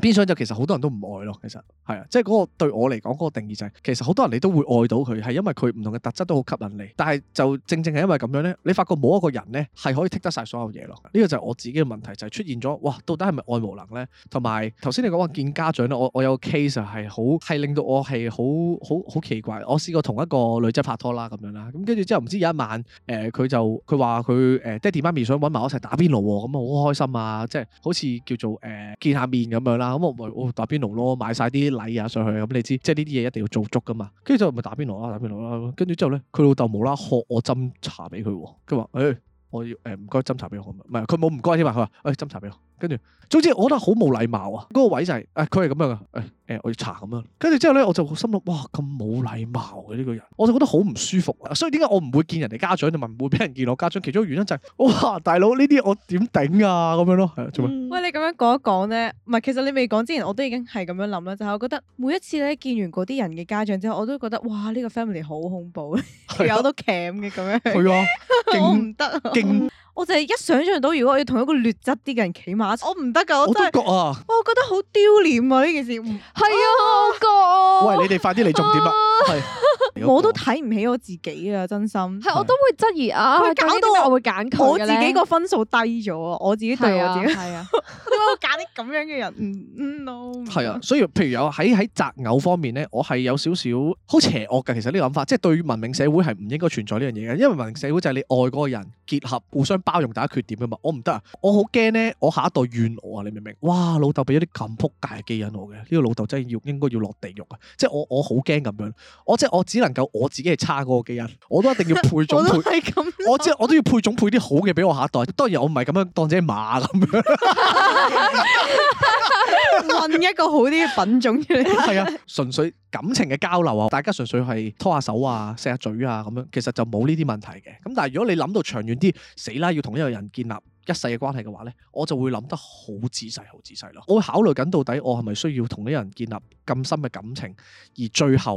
變相就其實好多人都唔愛咯，其實係啊，即係嗰個對我嚟講嗰個定義就係、是、其實好多人你都會愛到佢，係因為佢唔同嘅特質都好吸引你。但係就正正係因為咁樣呢，你發覺冇一個人呢係可以剔得晒所有嘢咯。呢、這個就係我自己嘅問題，就係、是、出現咗哇，到底係咪愛無能呢？」同埋頭先你講話見家長咧，我我有個 case 係好係令到我係好好好奇怪。我試過同一個女仔拍拖啦咁樣啦，咁跟住之後唔知有一晚誒佢、呃、就佢話佢誒爹哋媽咪想揾埋我一齊打邊爐喎，咁啊好開心啊，即係好似叫做誒、呃、見下面咁樣啦。咁、嗯、我咪我、哦、打邊爐咯，買晒啲禮啊上去，咁、嗯、你知即係呢啲嘢一定要做足噶嘛。跟住就咪打邊爐啦，打邊爐啦。跟住之後咧，佢老豆冇啦喝我斟茶俾佢、哦。佢話：誒、哎，我要誒唔該斟茶俾我咪。唔係佢冇唔該添嘛。佢話：誒、哎、斟茶俾我。跟住，總之我覺得好冇禮貌啊！嗰、那個位就係、是，誒、哎，佢係咁樣噶，誒、哎，誒、呃，我要查咁樣。跟住之後咧，我就心諗，哇，咁冇禮貌嘅、啊、呢、這個人，我就覺得好唔舒服啊！所以點解我唔會見人哋家長，同埋唔會俾人見我家長？其中原因就係、是，哇，大佬呢啲我點頂啊？咁樣咯，係做咩？喂，你咁樣講一講咧，唔係，其實你未講之前，我都已經係咁樣諗啦，就係、是、我覺得每一次咧見完嗰啲人嘅家長之後，我都覺得，哇，呢、這個 family 好恐怖，有都鉗嘅咁樣，係啊，樣啊我唔得，勁。 <laughs> 我就係一想象到，如果我要同一個劣質啲嘅人企埋，我唔得噶，我都覺啊，我覺得好丟臉啊！呢件事係啊，我覺，喂，你哋快啲嚟重點啊！係，我都睇唔起我自己啊，真心係我都會質疑啊，搞到我會揀佢我自己個分數低咗，我自己對我自己係啊，點解揀啲咁樣嘅人？唔唔 no，係啊，所以譬如有喺喺擇偶方面咧，我係有少少好邪惡嘅，其實呢個諗法，即係對於文明社會係唔應該存在呢樣嘢嘅，因為文明社會就係你外國人結合互相。包容大家缺點噶嘛？我唔得啊！我好驚咧，我下一代怨我啊！你明唔明？哇！老豆俾咗啲咁撲街嘅基因我嘅，呢、這個老豆真係要應該要落地獄啊！即係我我好驚咁樣，我即係我只能夠我自己係差嗰個基因，我都一定要配種配。 <laughs> 我都係咁。我即係我都要配種配啲好嘅俾我下一代。 <laughs> 當然我唔係咁樣當隻馬咁樣。一樣 <laughs> <laughs> 問一個好啲嘅品種出嚟。係 <laughs> 啊，純粹感情嘅交流啊，大家純粹係拖下手啊、錫下嘴啊咁樣，其實就冇呢啲問題嘅。咁但係如果你諗到長遠啲，死啦！要同一個人建立一世嘅關係嘅話呢，我就會諗得好仔細、好仔細咯。我會考慮緊到底我係咪需要同呢個人建立咁深嘅感情，而最後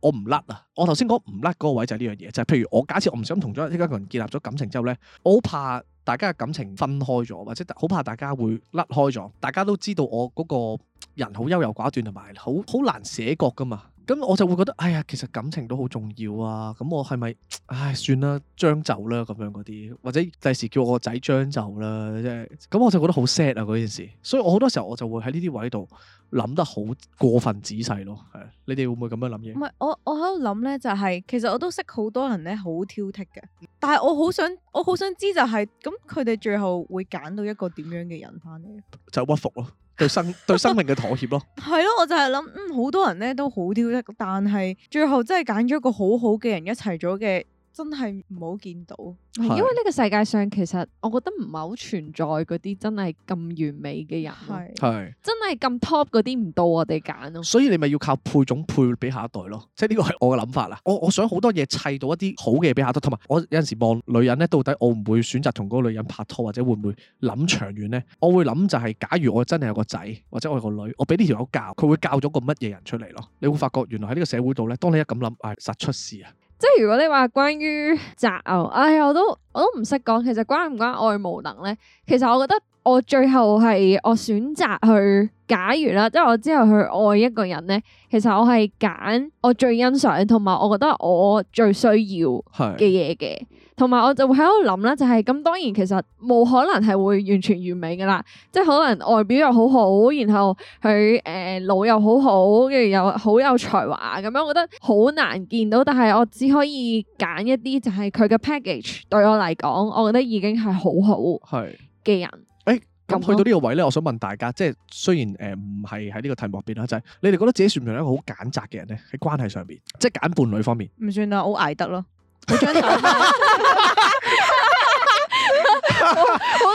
我唔甩啊！我頭先講唔甩嗰個位就係呢樣嘢，就係、是、譬如，我假設我唔想同咗一個人建立咗感情之後呢，我好怕大家嘅感情分開咗，或者好怕大家會甩開咗。大家都知道我嗰個人好優柔寡斷同埋好好難捨覺噶嘛。咁我就會覺得，哎呀，其實感情都好重要啊！咁我係咪，唉，算啦，將就啦，咁樣嗰啲，或者第時叫我個仔將就啦，即係，咁我就覺得好 sad 啊嗰件事。所以我好多時候我就會喺呢啲位度諗得好過分仔細咯。係，你哋會唔會咁樣諗嘢？唔係，我我喺度諗呢，就係其實我都識好多人呢，好挑剔嘅。但係我好想，我好想知就係，咁佢哋最後會揀到一個點樣嘅人翻嚟？就屈服咯。對生對生命嘅妥協咯，係咯， <laughs> 我就係諗，嗯，好多人咧都好挑剔，但係最後真係揀咗個好好嘅人一齊咗嘅。真係唔好見到，因為呢個世界上其實我覺得唔係好存在嗰啲真係咁完美嘅人，係係真係咁 top 嗰啲唔到我哋揀咯。所以你咪要靠配種配俾下一代咯，即係呢個係我嘅諗法啦。我我想好多嘢砌到一啲好嘅嘢俾下一代，同埋我有陣時望女人呢，到底我唔會選擇同嗰個女人拍拖，或者會唔會諗長遠呢？我會諗就係，假如我真係有個仔或者我有個女，我俾呢條友教，佢會教咗個乜嘢人出嚟咯？你會發覺原來喺呢個社會度呢，當你一咁諗，哎，實出事啊！即係如果你話關於擇偶，哎呀，我都我都唔識講。其實關唔關愛無能咧？其實我覺得我最後係我選擇去，假如啦，即係我之後去愛一個人咧，其實我係揀我最欣賞同埋我覺得我最需要嘅嘢嘅。同埋我就會喺度諗啦，就係、是、咁當然其實冇可能係會完全完美噶啦，即係可能外表又好好，然後佢誒腦又好好，跟住又好有才華咁樣，我覺得好難見到。但係我只可以揀一啲就係佢嘅 package 對我嚟講，我覺得已經係好好係嘅人。誒，咁、嗯、樣去到呢個位咧，我想問大家，即係雖然誒唔係喺呢個題目入邊啦，就係、是、你哋覺得自己算唔算係一個好揀擇嘅人咧？喺關係上邊，即係揀伴侶方面，唔算啊，好捱得咯。 <laughs> <laughs> 好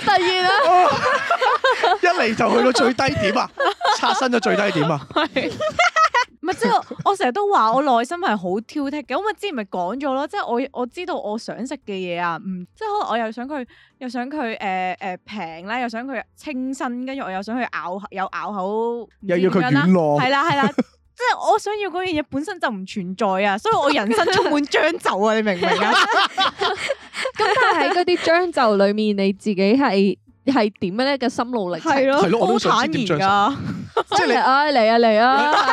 得意啦！啊、 <laughs> <laughs> 一嚟就去到最低點啊，刷新咗最低點啊 <laughs> 、就是！係咪即係我成日都話我內心係好挑剔嘅，咁我之前咪講咗咯，即係我我知道我想食嘅嘢啊，唔即係可能我又想佢又想佢誒誒平啦，又想佢、嗯、清新，跟住我又想去咬有咬口又要佢軟糯，係啦係啦。 <laughs> 即係我想要嗰樣嘢本身就唔存在啊，所以我人生充滿將就啊，你明唔明啊？咁但係喺嗰啲將就裏面，你自己係係點咧？嘅心路歷程係咯，好坦然，我都想知點將就。即係你，哎嚟啊嚟啊，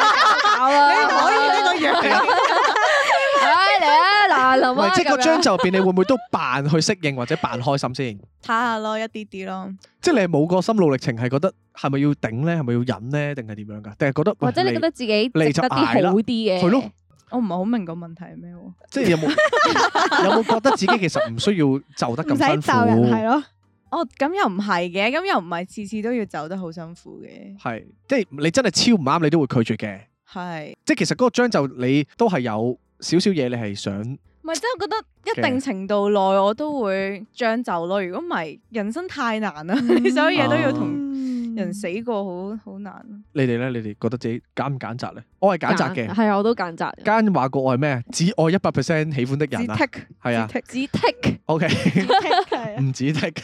搞啊！可以呢個嘢。唔係，即係個張就入邊，你會唔會都扮去適應或者扮開心先？睇下咯，一啲啲咯。即係你係冇個心路歷程，係覺得係咪要頂咧？係咪要忍咧？定係點樣㗎？定係覺得或者你覺得自己嚟就捱啦。係咯，我唔係好明個問題係咩喎。即係有冇，有冇覺得自己其實唔需要就得咁辛苦？唔使就係咯。哦，咁又唔係嘅，咁又唔係次次都要走得好辛苦嘅。係，即係你真係超唔啱，你都會拒絕嘅。係，即係其實嗰個張就你都係有少少嘢，你係想。唔係，真係覺得一定程度內我都會將就咯。如果唔係，人生太難啦。你所有嘢都要同人死過，好好難。你哋咧？你哋覺得自己揀唔揀擇咧？我係揀擇嘅。係啊，我都揀擇。間話過我係咩？只愛一百 percent 喜歡的人削啊。只 take 啊。只 take OK。唔止 take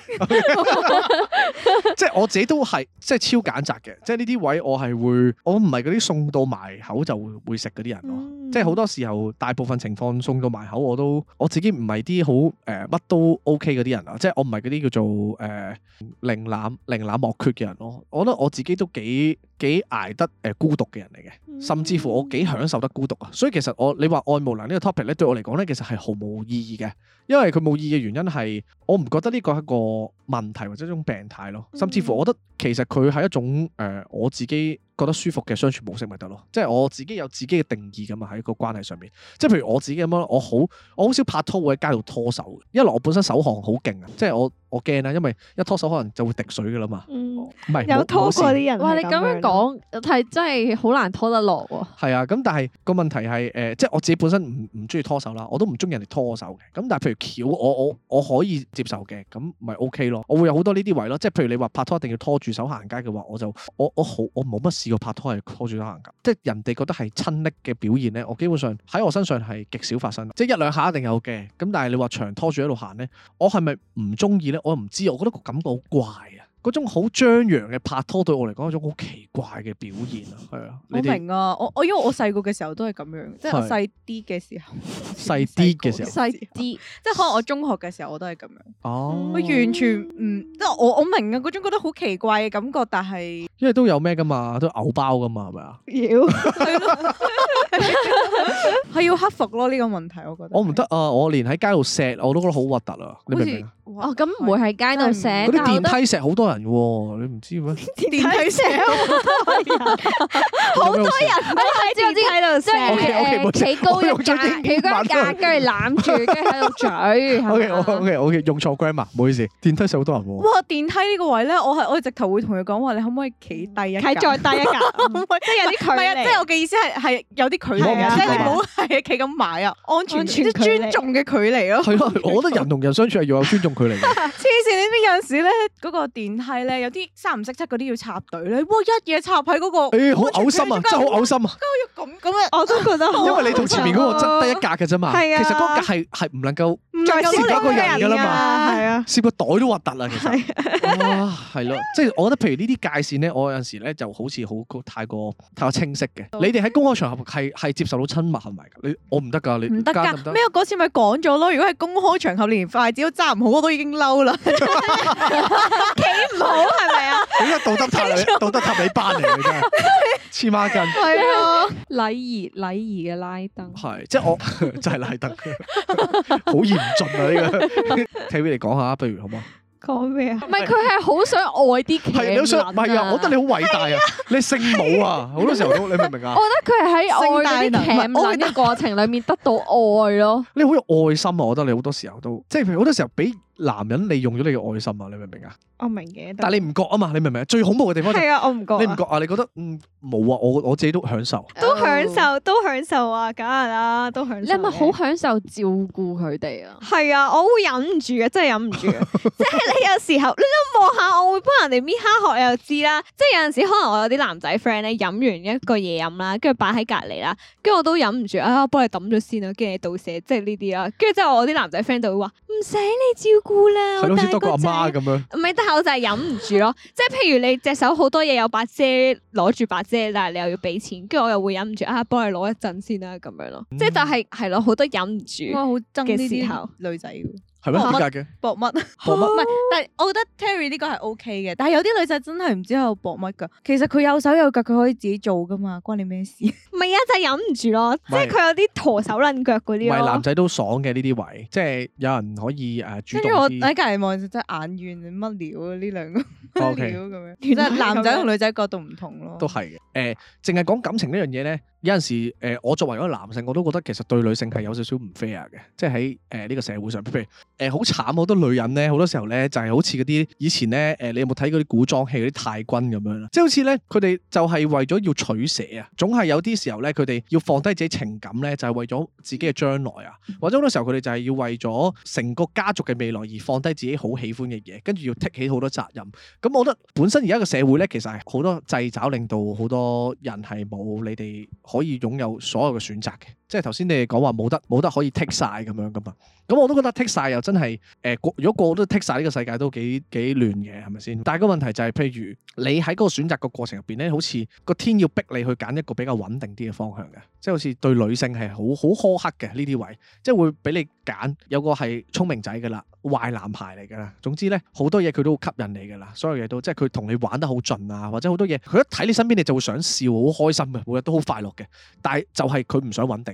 即係我自己都係，即係超揀擇嘅。即係呢啲位，我係會，我唔係嗰啲送到埋口就會食嗰啲人咯。嗯嗯、即係好多時候，大部分情況送到埋口，我都我自己唔係啲好誒乜都 OK 嗰啲人啊！即係我唔係嗰啲叫做誒寧、呃、濫寧濫莫缺嘅人咯。我覺得我自己都幾幾捱得誒、呃、孤獨嘅人嚟嘅，甚至乎我幾享受得孤獨啊！所以其實我你話「愛無能」呢個 topic 咧，對我嚟講咧，其實係毫無意義嘅，因為佢冇意義嘅原因係我唔覺得呢個係一個問題或者一種病態咯。甚至乎我覺得其實佢係一種誒、呃、我自己，覺得舒服嘅相處模式咪得咯，即係我自己有自己嘅定義噶嘛喺個關係上面，即係譬如我自己咁樣我，我好少拍拖會喺街度拖手，因為我本身手汗好勁啊，即係我。我驚啦，因為一拖手可能就會滴水嘅啦嘛。嗯，唔係有拖過啲人。哇，你咁樣講係真係好難拖得落喎。係啊，咁但係個問題係誒，即係我自己本身唔唔中意拖手啦，我都唔中意人哋拖手嘅。咁但係譬如巧，我我我可以接受嘅，咁咪 OK 咯。我會有好多呢啲位咯，即係譬如你話拍拖一定要拖住手行街嘅話，我就我我好我冇乜試過拍拖係拖住手行街。即係人哋覺得係親昵嘅表現咧，我基本上喺我身上係極少發生。即係一兩下一定有嘅。咁但係你話長拖住喺度行咧，我係咪唔中意咧？我唔知，啊，我覺得個感覺好怪啊！嗰種好張揚嘅拍拖對我嚟講一種好奇怪嘅表現啊，係啊，我明啊，我我因為我細個嘅時候都係咁樣，即係我細啲嘅時候，細啲嘅時候，細啲，即係可能我中學嘅時候我都係咁樣，哦，我完全唔即係我我明啊，嗰種覺得好奇怪嘅感覺，但係因為都有咩噶嘛，都有牛包噶嘛，係咪啊？要要克服咯呢個問題，我覺得我唔得啊，我連喺街度錫我都覺得好核突啊，你明唔明啊？哦，咁唔會喺街度錫，嗰啲電梯錫好多人。你唔知咩？電梯成日好多人喺度，知唔知喺度成？企高一格，企高一格，跟住攬住，跟住喺度嘴 O K O K O K，用錯 grammar，唔好意思。電梯成好多人喎。哇，電梯呢個位咧，我係我直頭會同佢講話，你可唔可以企低一格？再低一格，即係有啲距離。即係我嘅意思係係有啲距離。即係你唔好係企咁埋啊，安全之尊重嘅距離咯。係咯，我覺得人同人相處係要有尊重距離。黐線，呢啲有陣時咧嗰個電。係咧，有啲三唔識七嗰啲要插隊咧，哇！一嘢插喺嗰個，誒，好嘔心啊，真係好嘔心啊！咁咁啊，我都覺得，好。因為你同前面嗰個爭第一格嘅啫嘛，其實嗰格係唔能夠，唔夠攝兩個人㗎啦嘛，係啊，攝個袋都核突啦，其實，哇，係咯，即係我覺得，譬如呢啲界線咧，我有陣時咧就好似好過太過太清晰嘅。你哋喺公開場合係係接受到親密係咪？你我唔得㗎，你唔得㗎。咩嗰次咪講咗咯？如果係公開場合，連筷子都揸唔好，我都已經嬲啦。冇，好係咪啊？好，一個道德塔、道德塔利班嚟嘅真係黐孖筋。係啊，禮儀禮儀嘅拉登，係即係我真係拉登，好嚴峻啊！呢個俾你講下，不如好唔好？講咩啊？唔係佢係好想愛啲情人啊？係，你好想愛。唔係啊，我覺得你好偉大啊！你聖母啊，好多時候都你明唔明啊？我覺得佢係喺愛啲情人嘅過程裏面得到愛咯。你好有愛心啊！我覺得你好多時候都即係，譬如好多時候俾男人利用咗你嘅愛心啊！你明唔明啊？我明嘅，但係你唔覺啊嘛？你明唔明最恐怖嘅地方係、就是、啊，我唔覺、啊。你唔覺啊？你覺得嗯冇啊？我我自己都享受，都享受，都享受啊！梗係啦，都享受。你係咪好享受照顧佢哋啊？係啊，我會忍唔住嘅，真係忍唔住。即係 <laughs> 你有時候你都望下，我會幫人哋搣蝦殼，你又知啦。即係有陣時可能我有啲男仔 friend 咧飲完一個嘢飲啦，跟住擺喺隔籬啦，跟住我都忍唔住啊！我幫你抌咗先啊，跟住你倒瀉，即係呢啲啦。跟住之後我啲男仔 friend 就會話唔使你照顧啦，對我好似多個阿媽咁樣。唔係，後就係忍唔住咯， <laughs> 即係譬如你隻手好多嘢，有把遮攞住把遮，但係你又要俾錢，跟住我又會忍唔住啊，幫你攞一陣先啦、啊、咁樣、嗯就是、咯，即係就係係咯，好多忍唔住嘅時候，女仔。係咩？搏乜嘅？搏乜？搏乜博蜜 蜜？唔係，但係我覺得 Terry 呢個係 OK 嘅。但係有啲女仔真係唔知有搏乜噶。其實佢有手有腳，佢可以自己做噶嘛，關你咩事？唔係啊，就係忍唔住咯是。即係佢有啲拖手攆腳嗰啲咯。唔係男仔都爽嘅呢啲位，即係有人可以誒主動啲。跟住我喺隔離望，真係眼冤乜料呢兩個料咁樣。即係、oh, okay. <laughs> 男仔同女仔角度唔同咯。 <laughs> 都係嘅。誒、呃，淨係講感情呢樣嘢咧。有陣時，誒、呃、我作為一個男性，我都覺得其實對女性係有少少唔 fair 嘅，即係喺誒呢個社會上，譬如誒好、呃、慘好多女人呢，好多時候呢，就係、是、好似嗰啲以前呢，誒、呃，你有冇睇嗰啲古裝戲嗰啲太君咁樣啊？即係好似呢，佢哋就係為咗要取捨啊，總係有啲時候呢，佢哋要放低自己情感呢，就係、是、為咗自己嘅將來啊，或者好多時候佢哋就係要為咗成個家族嘅未來而放低自己好喜歡嘅嘢，跟住要 take 起好多責任。咁我覺得本身而家個社會呢，其實係好多掣肘，令到好多人係冇你哋。可以擁有所有嘅選擇嘅。即係頭先你講話冇得冇得可以剔晒咁樣噶嘛？咁我都覺得剔晒又真係誒，若、呃、果個個都剔晒呢個世界都幾幾亂嘅，係咪先？但係個問題就係、是，譬如你喺嗰個選擇個過程入邊咧，好似個天要逼你去揀一個比較穩定啲嘅方向嘅，即係好似對女性係好好苛刻嘅呢啲位，即係會俾你揀有個係聰明仔噶啦，壞男孩嚟噶啦，總之咧好多嘢佢都吸引你噶啦，所有嘢都即係佢同你玩得好盡啊，或者好多嘢佢一睇你身邊你就會想笑，好開心嘅，每日都好快樂嘅，但係就係佢唔想穩定。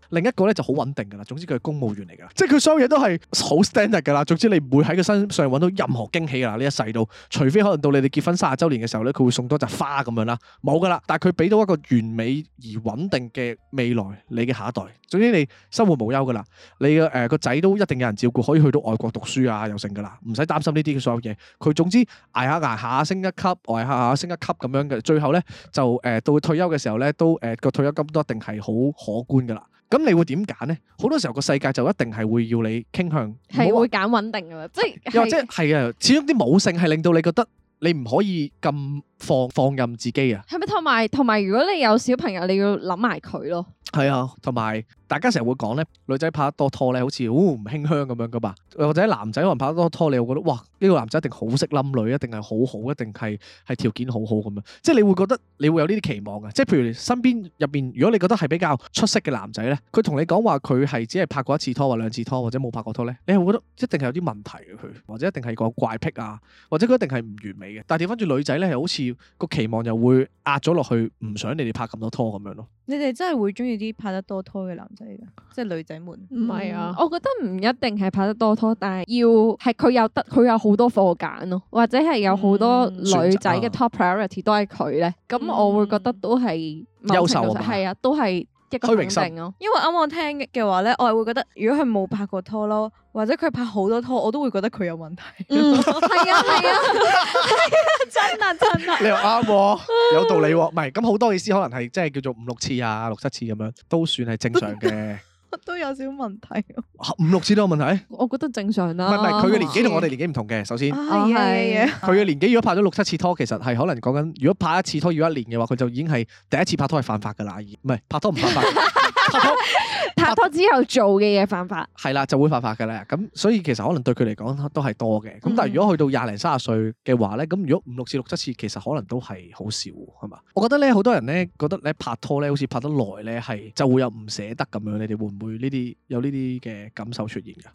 另一個咧就好穩定噶啦，總之佢係公務員嚟噶，即係佢所有嘢都係好 standard 噶啦。總之你唔會喺佢身上揾到任何驚喜噶啦，呢一世到，除非可能到你哋結婚三十週年嘅時候咧，佢會送多一束花咁樣啦，冇噶啦。但係佢俾到一個完美而穩定嘅未來，你嘅下一代。總之你生活無憂噶啦，你嘅誒個仔都一定有人照顧，可以去到外國讀書啊，又成噶啦，唔使擔心呢啲嘅所有嘢。佢總之捱下捱下升一級，捱下下升一級咁樣嘅，最後咧就誒、呃、到退休嘅時候咧都誒個退休金都一定係好可觀噶啦。咁你會點揀呢？好多時候個世界就一定係會要你傾向，係會揀穩定噶啦，即、就、係、是、又或者係啊，始終啲母性係令到你覺得你唔可以咁。放放任自己啊，係咪？同埋同埋，如果你有小朋友，你要諗埋佢咯。係啊，同埋大家成日會講咧，女仔拍得多拖咧，好似好唔馨香咁樣噶嘛。或者男仔可能拍得多拖，你會覺得哇，呢個男仔一定好識冧女，一定係好好，一定係係條件好好咁樣。即係你會覺得你會有呢啲期望嘅。即係譬如你身邊入邊，如果你覺得係比較出色嘅男仔咧，佢同你講話佢係只係拍過一次拖，或兩次拖，或者冇拍過拖咧，你係會覺得一定係有啲問題嘅佢，或者一定係個怪癖啊，或者佢一定係唔完美嘅。但係調翻住女仔咧，係好似。個期望又會壓咗落去，唔想你哋拍咁多拖咁樣咯。你哋真係會中意啲拍得多拖嘅男仔噶即係女仔們。唔係、嗯、啊，我覺得唔一定係拍得多拖，但係要係佢有得，佢有好多貨揀咯，或者係有好多女仔嘅 top priority 都係佢咧。咁、嗯、我會覺得都係優秀啊，係啊，都係。一個肯定咯，因為啱我聽嘅話咧，我係會覺得，如果佢冇拍過拖咯，或者佢拍好多拖，我都會覺得佢有問題。嗯，係啊，係啊，真啊，真啊，你又啱喎，有道理喎，唔係咁好多意思，可能係即係叫做五六次啊，六七次咁樣，都算係正常嘅。 <laughs> 都有少少問題，五六次都有問題？我覺得正常啦，啊。唔係唔係，佢嘅年紀同我哋年紀唔同嘅。首先，係係佢嘅年紀，如果拍咗六七次拖，其實係可能講緊，如果拍一次拖要一年嘅話，佢就已經係第一次拍拖係犯法噶啦。唔係拍拖唔犯法。 <laughs> 拍拖，拍， <laughs> 拍拖之後做嘅嘢犯法？係啦，就會犯法㗎喇。咁所以其實可能對佢嚟講都係多嘅。咁、嗯、但係如果去到廿零三十歲嘅話咧，咁如果五六次六七次，其實可能都係好少，係嘛？我覺得咧，好多人咧覺得咧拍拖咧，好似拍得耐咧係就會有唔捨得咁樣。你哋會唔會呢啲有呢啲嘅感受出現噶？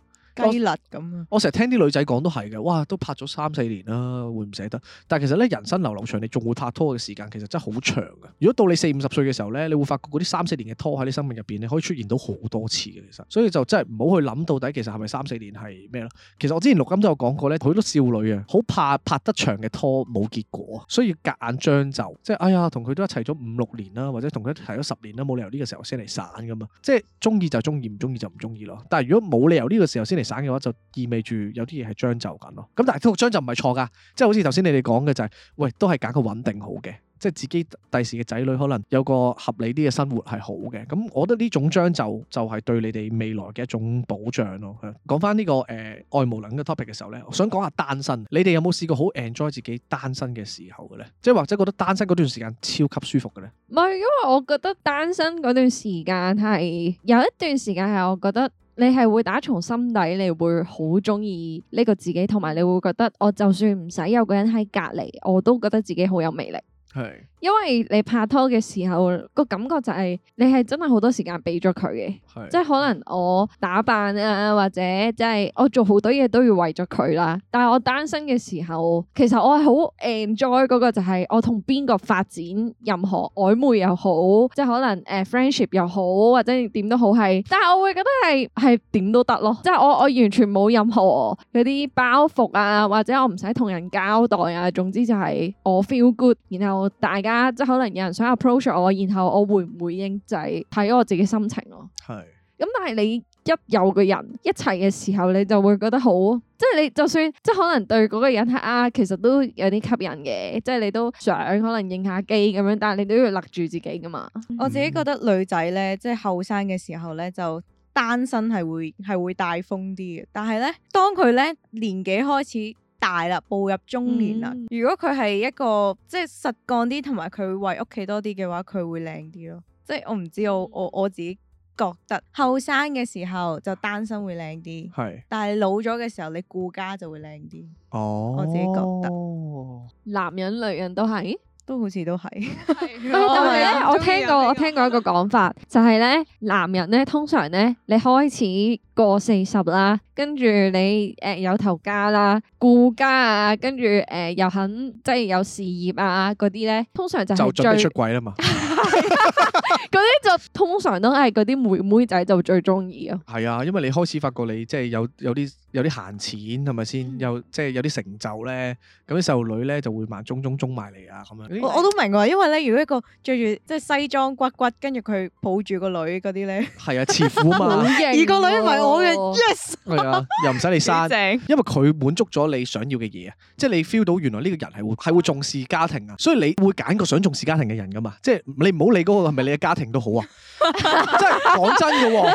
雞肋咁我成日聽啲女仔講都係嘅，哇，都拍咗三四年啦，會唔捨得？但係其實咧，人生流流長，你仲會拍拖嘅時間其實真係好長㗎。如果到你四五十歲嘅時候咧，你會發覺嗰啲三四年嘅拖喺你生命入邊你可以出現到好多次嘅。其實，所以就真係唔好去諗到底，其實係咪三四年係咩咯？其實我之前錄音都有講過咧，好多少女啊，好怕拍得長嘅拖冇結果，所以夾硬將就。即係哎呀，同佢都一齊咗五六年啦，或者同佢一齊咗十年啦，冇理由呢個時候先嚟散噶嘛。即係中意就中意，唔中意就唔中意咯。但係如果冇理由呢個時候先嚟。省嘅話就意味住有啲嘢係將就緊咯，咁但係佢將就唔係錯噶，即係好似頭先你哋講嘅就係、是，喂，都係揀個穩定好嘅，即係自己第時嘅仔女可能有個合理啲嘅生活係好嘅，咁我覺得呢種將就就係、是、對你哋未來嘅一種保障咯、嗯。講翻呢、這個誒愛無能嘅 topic 嘅時候咧，我想講下單身，你哋有冇試過好 enjoy 自己單身嘅時候嘅咧？即係或者覺得單身嗰段時間超級舒服嘅咧？唔係，因為我覺得單身嗰段時間係有一段時間係我覺得。你係會打從心底，你會好中意呢個自己，同埋你會覺得，我就算唔使有個人喺隔籬，我都覺得自己好有魅力。係。因為你拍拖嘅時候，個感覺就係、是、你係真係好多時間俾咗佢嘅，是即係可能我打扮啊，或者即係我做好多嘢都要為咗佢啦。但係我單身嘅時候，其實我係好 enjoy 嗰個就係我同邊個發展任何曖昧又好，即係可能誒、呃、friendship 又好或者點都好係。但係我會覺得係係點都得咯，即係我我完全冇任何嗰啲包袱啊，或者我唔使同人交代啊，總之就係我 feel good，然後大。而家即係可能有人想 approach 我，然後我會唔會應仔睇咗我自己心情咯。係。咁但係你一有個人一齊嘅時候，你就會覺得好，即係你就算即係可能對嗰個人睇啊，其實都有啲吸引嘅，即係你都想可能應下機咁樣，但係你都要勒住自己噶嘛。嗯、我自己覺得女仔咧，即係後生嘅時候咧，就單身係會係會帶風啲嘅，但係咧當佢咧年紀開始。大啦，步入中年啦。嗯，如果佢係一個即係實幹啲，同埋佢為屋企多啲嘅話，佢會靚啲咯。即係我唔知，我我我自己覺得，後生嘅時候就單身會靚啲，係。但係老咗嘅時候，你顧家就會靚啲。哦，我自己覺得，男人女人都係。都好似都係，但係咧，我聽過我聽過一個講法，就係咧，男人咧通常咧，你開始過四十啦，跟住你誒有頭家啦，顧家啊，跟住誒又肯即係有事業啊嗰啲咧，通常就係最出軌啦嘛，嗰啲就通常都係嗰啲妹妹仔就最中意啊。係啊，因為你開始發覺你即係有有啲有啲閒錢係咪先？又即係有啲成就咧，咁啲細路女咧就會慢中中中埋嚟啊咁樣。我都明啊，因為咧，如果一個着住即係西裝骨骨，跟住佢抱住個女嗰啲咧，係啊，慈父嘛，哦、而個女唔係我嘅，係、yes! 啊、嗯，又唔使你刪正，因為佢滿足咗你想要嘅嘢啊，即係你 feel 到原來呢個人係會係會重視家庭啊，所以你會揀個想重視家庭嘅人噶嘛，即係你唔好理嗰個係咪你嘅家庭都好啊，即係講真嘅。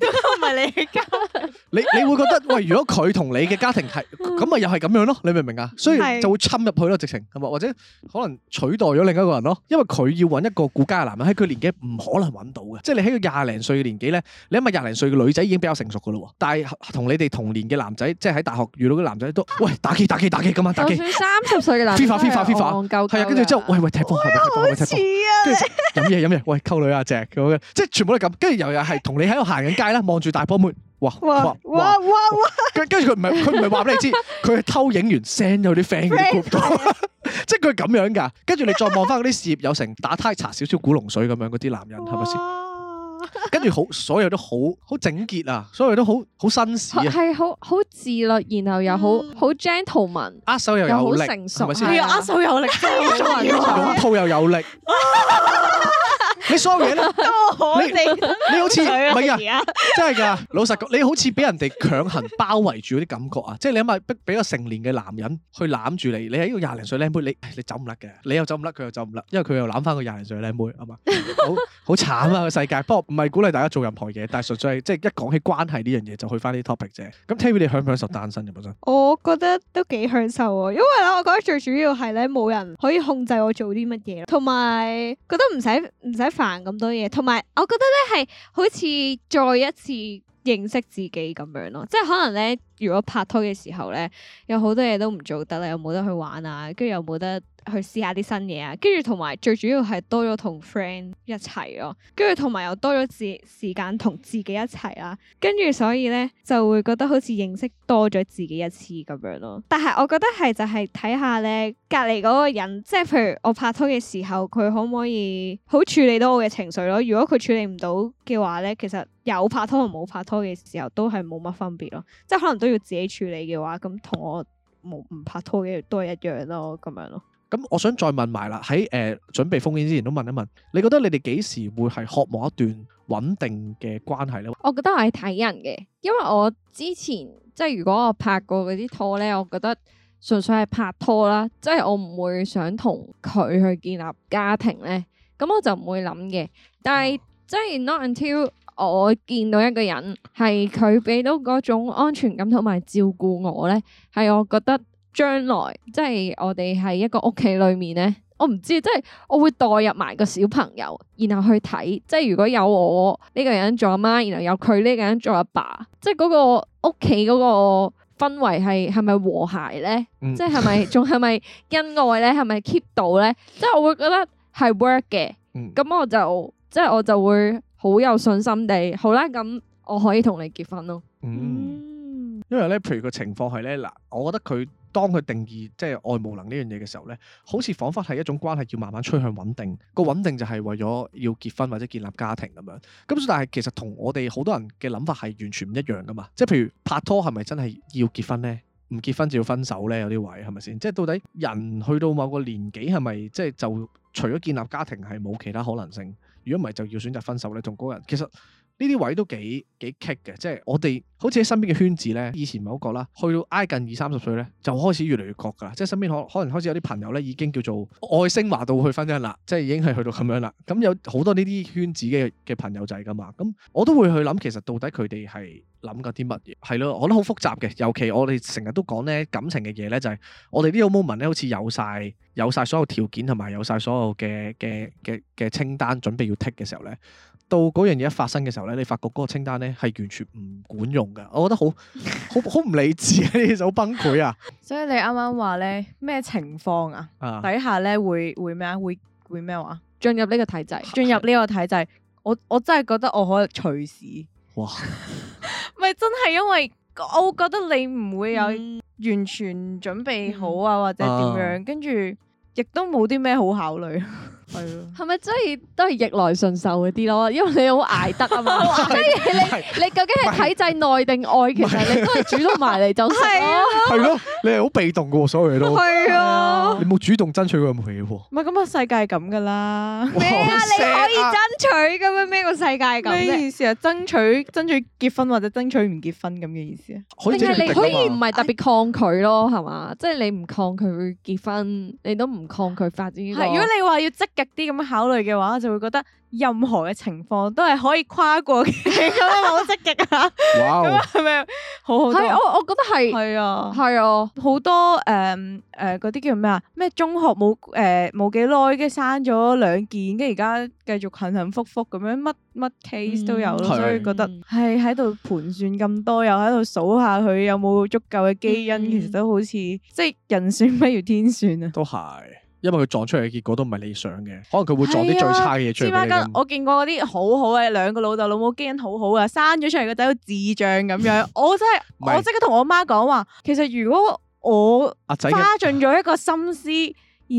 <laughs> 唔係你嘅家，你你會覺得喂，如果佢同你嘅家庭係咁咪又係咁樣咯？你明唔明啊？所以就會侵入去咯，直情係嘛，或者可能取代咗另一個人咯。因為佢要揾一個顧家嘅男人喺佢年紀唔可能揾到嘅，即係你喺個廿零歲嘅年紀咧，你因為廿零歲嘅女仔已經比較成熟噶啦喎。但係同你哋同年嘅男仔，即係喺大學遇到嘅男仔都喂打機打機打機，今晚打機，三十歲嘅男仔都係啊，跟住之後喂喂踢波係咪？我好似啊！飲嘢飲嘢，喂溝女啊，只咁嘅，即係全部都咁。跟住又又係同你喺度行緊街啦，住大波妹，哇哇哇哇哇！哇哇哇哇哇，跟跟住佢唔係佢唔係話俾你知，佢係 <laughs> 偷影完 send 咗啲 friend 嘅 group 即係佢咁樣噶。跟住你再望翻嗰啲事業有成、打呔搽少少古龍水咁樣嗰啲男人，係咪先？是是 <laughs> 跟住好，所有都好好整潔啊，所有都好好紳士，係好、啊、好，好自律，然後又好好 gentleman，握手又有力，係咪啊，握手 <laughs> <laughs> 有力，抱又有力。 <laughs> <laughs> 你 sorry 啦，你你好似唔係啊，真係噶，老實講，你好似俾人哋強行包圍住嗰啲感覺啊，即係你諗下，俾俾個成年嘅男人去攬住你，你係一個廿零歲靚妹，你你走唔甩嘅，你又走唔甩，佢又走唔甩，因為佢又攬翻個廿零歲靚妹，係嘛，好好慘啊個世界。不過唔係鼓勵大家做任何嘢，但係純粹係即係一講起關係呢樣嘢就去翻啲 topic 啫。咁 Terry 你享唔享受單身嘅本身？我覺得都幾享受啊，因為咧，我覺得最主要係咧冇人可以控制我做啲乜嘢，同埋覺得唔使唔使。煩咁多嘢，同埋我覺得咧係好似再一次認識自己咁樣咯，即係可能咧，如果拍拖嘅時候咧，有好多嘢都唔做得啦，又冇得去玩啊，跟住又冇得，去試下啲新嘢啊，跟住同埋最主要係多咗同 friend 一齊咯，跟住同埋又多咗自時間同自己一齊啦，跟住所以咧就會覺得好似認識多咗自己一次咁樣咯。但係我覺得係就係睇下咧隔籬嗰個人，即係譬如我拍拖嘅時候，佢可唔可以好處理到我嘅情緒咯？如果佢處理唔到嘅話咧，其實有拍拖同冇拍拖嘅時候都係冇乜分別咯，即係可能都要自己處理嘅話，咁同我冇唔拍拖嘅都係一樣咯，咁樣咯。咁我想再問埋啦，喺誒、呃、準備婚姻之前都問一問，你覺得你哋幾時會係渴望一段穩定嘅關係咧？我覺得我係睇人嘅，因為我之前即係如果我拍過嗰啲拖咧，我覺得純粹係拍拖啦，即係我唔會想同佢去建立家庭咧，咁我就唔會諗嘅。但係即係 not until 我見到一個人係佢俾到嗰種安全感同埋照顧我咧，係我覺得。將來即係我哋喺一個屋企裏面咧，我唔知，即係我會代入埋個小朋友，然後去睇，即係如果有我呢個人做阿媽，然後有佢呢個人做阿爸，即係嗰個屋企嗰個氛圍係係咪和諧咧、嗯？即係係咪仲係咪恩愛咧？係咪 keep 到咧？即係我會覺得係 work 嘅，咁、嗯、我就即係我就會好有信心地好啦，咁我可以同你結婚咯。嗯，因為咧，譬如個情況係咧嗱，我覺得佢。當佢定義即係愛無能呢樣嘢嘅時候呢，好似彷彿係一種關係要慢慢趨向穩定，個穩定就係為咗要結婚或者建立家庭咁樣。咁但係其實同我哋好多人嘅諗法係完全唔一樣噶嘛。即係譬如拍拖係咪真係要結婚呢？唔結婚就要分手呢？有啲位係咪先？即係到底人去到某個年紀係咪即係就除咗建立家庭係冇其他可能性？如果唔係就要選擇分手呢？同嗰個人其實。呢啲位都幾幾棘嘅，即係我哋好似喺身邊嘅圈子呢。以前唔係好覺啦，去到挨近二三十歲呢，就開始越嚟越覺噶啦。即係身邊可可能開始有啲朋友呢，已經叫做愛升華到去婚姻啦，即係已經係去到咁樣啦。咁有好多呢啲圈子嘅嘅朋友就係噶嘛。咁我都會去諗，其實到底佢哋係諗緊啲乜嘢？係咯，我覺得好複雜嘅。尤其我哋成日都講呢感情嘅嘢呢，就係、是、我哋呢個 moment 呢，好似有晒有晒所有條件，同埋有晒所有嘅嘅嘅嘅清單，準備要剔嘅時候呢。到嗰樣嘢一發生嘅時候咧，你發覺嗰個清單咧係完全唔管用㗎，我覺得 <laughs> 好好好唔理智呢啲就崩潰啊！所以你啱啱話咧咩情況啊？底下咧會會咩啊？會會咩話？進入呢個體制，進 <laughs> 入呢個體制，我我真係覺得我可以隨時哇！咪 <laughs> 真係因為我覺得你唔會有完全準備好、嗯、啊，或者點樣，跟住亦都冇啲咩好考慮。係咯，係咪即係都係逆來順受嗰啲咯？因為你好捱得啊嘛，即係 <laughs> 是 <laughs> 你你究竟係體制內定外？是其實你都係主動埋嚟就係咯 <laughs> 呀，你係好被動噶，所呀呀有嘢都係啊！你冇主動爭取佢唔俾喎。唔係咁啊，世界係咁噶啦。咩啊？你可以爭取噶咩？咩個世界咁嘅意思啊？爭取爭取結婚或者爭取唔結婚咁嘅意思啊？定係你可以唔係特別抗拒咯，係嘛、哎？即、就、係、是、你唔抗拒結婚，你都唔抗拒發展呢係如果你話要即有啲咁考慮嘅話，就會覺得任何嘅情況都係可以跨過嘅，咁 <noise> 樣樂哇 <laughs> 好積極啊！咁係咪好好睇？我我覺得係，係啊，係啊，好多誒誒，嗰、呃、啲叫咩啊？咩中學冇誒冇幾耐，跟、呃、住生咗兩件，跟住而家繼續幸幸福福咁樣，乜乜 case 都有、嗯、所以覺得係喺度盤算咁多，又喺度數下佢有冇足夠嘅基因，嗯、其實都好似即係人算不如天算啊！都係。因為佢撞出嚟嘅結果都唔係理想嘅，可能佢會撞啲、啊、最差嘅嘢出嚟。你然我見過嗰啲好好嘅兩個老豆老母，基因好好啊，生咗出嚟個仔都智障咁樣。 <laughs> 我真係 <laughs> 我即刻同我媽講話，其實如果我阿仔，花盡咗一個心思，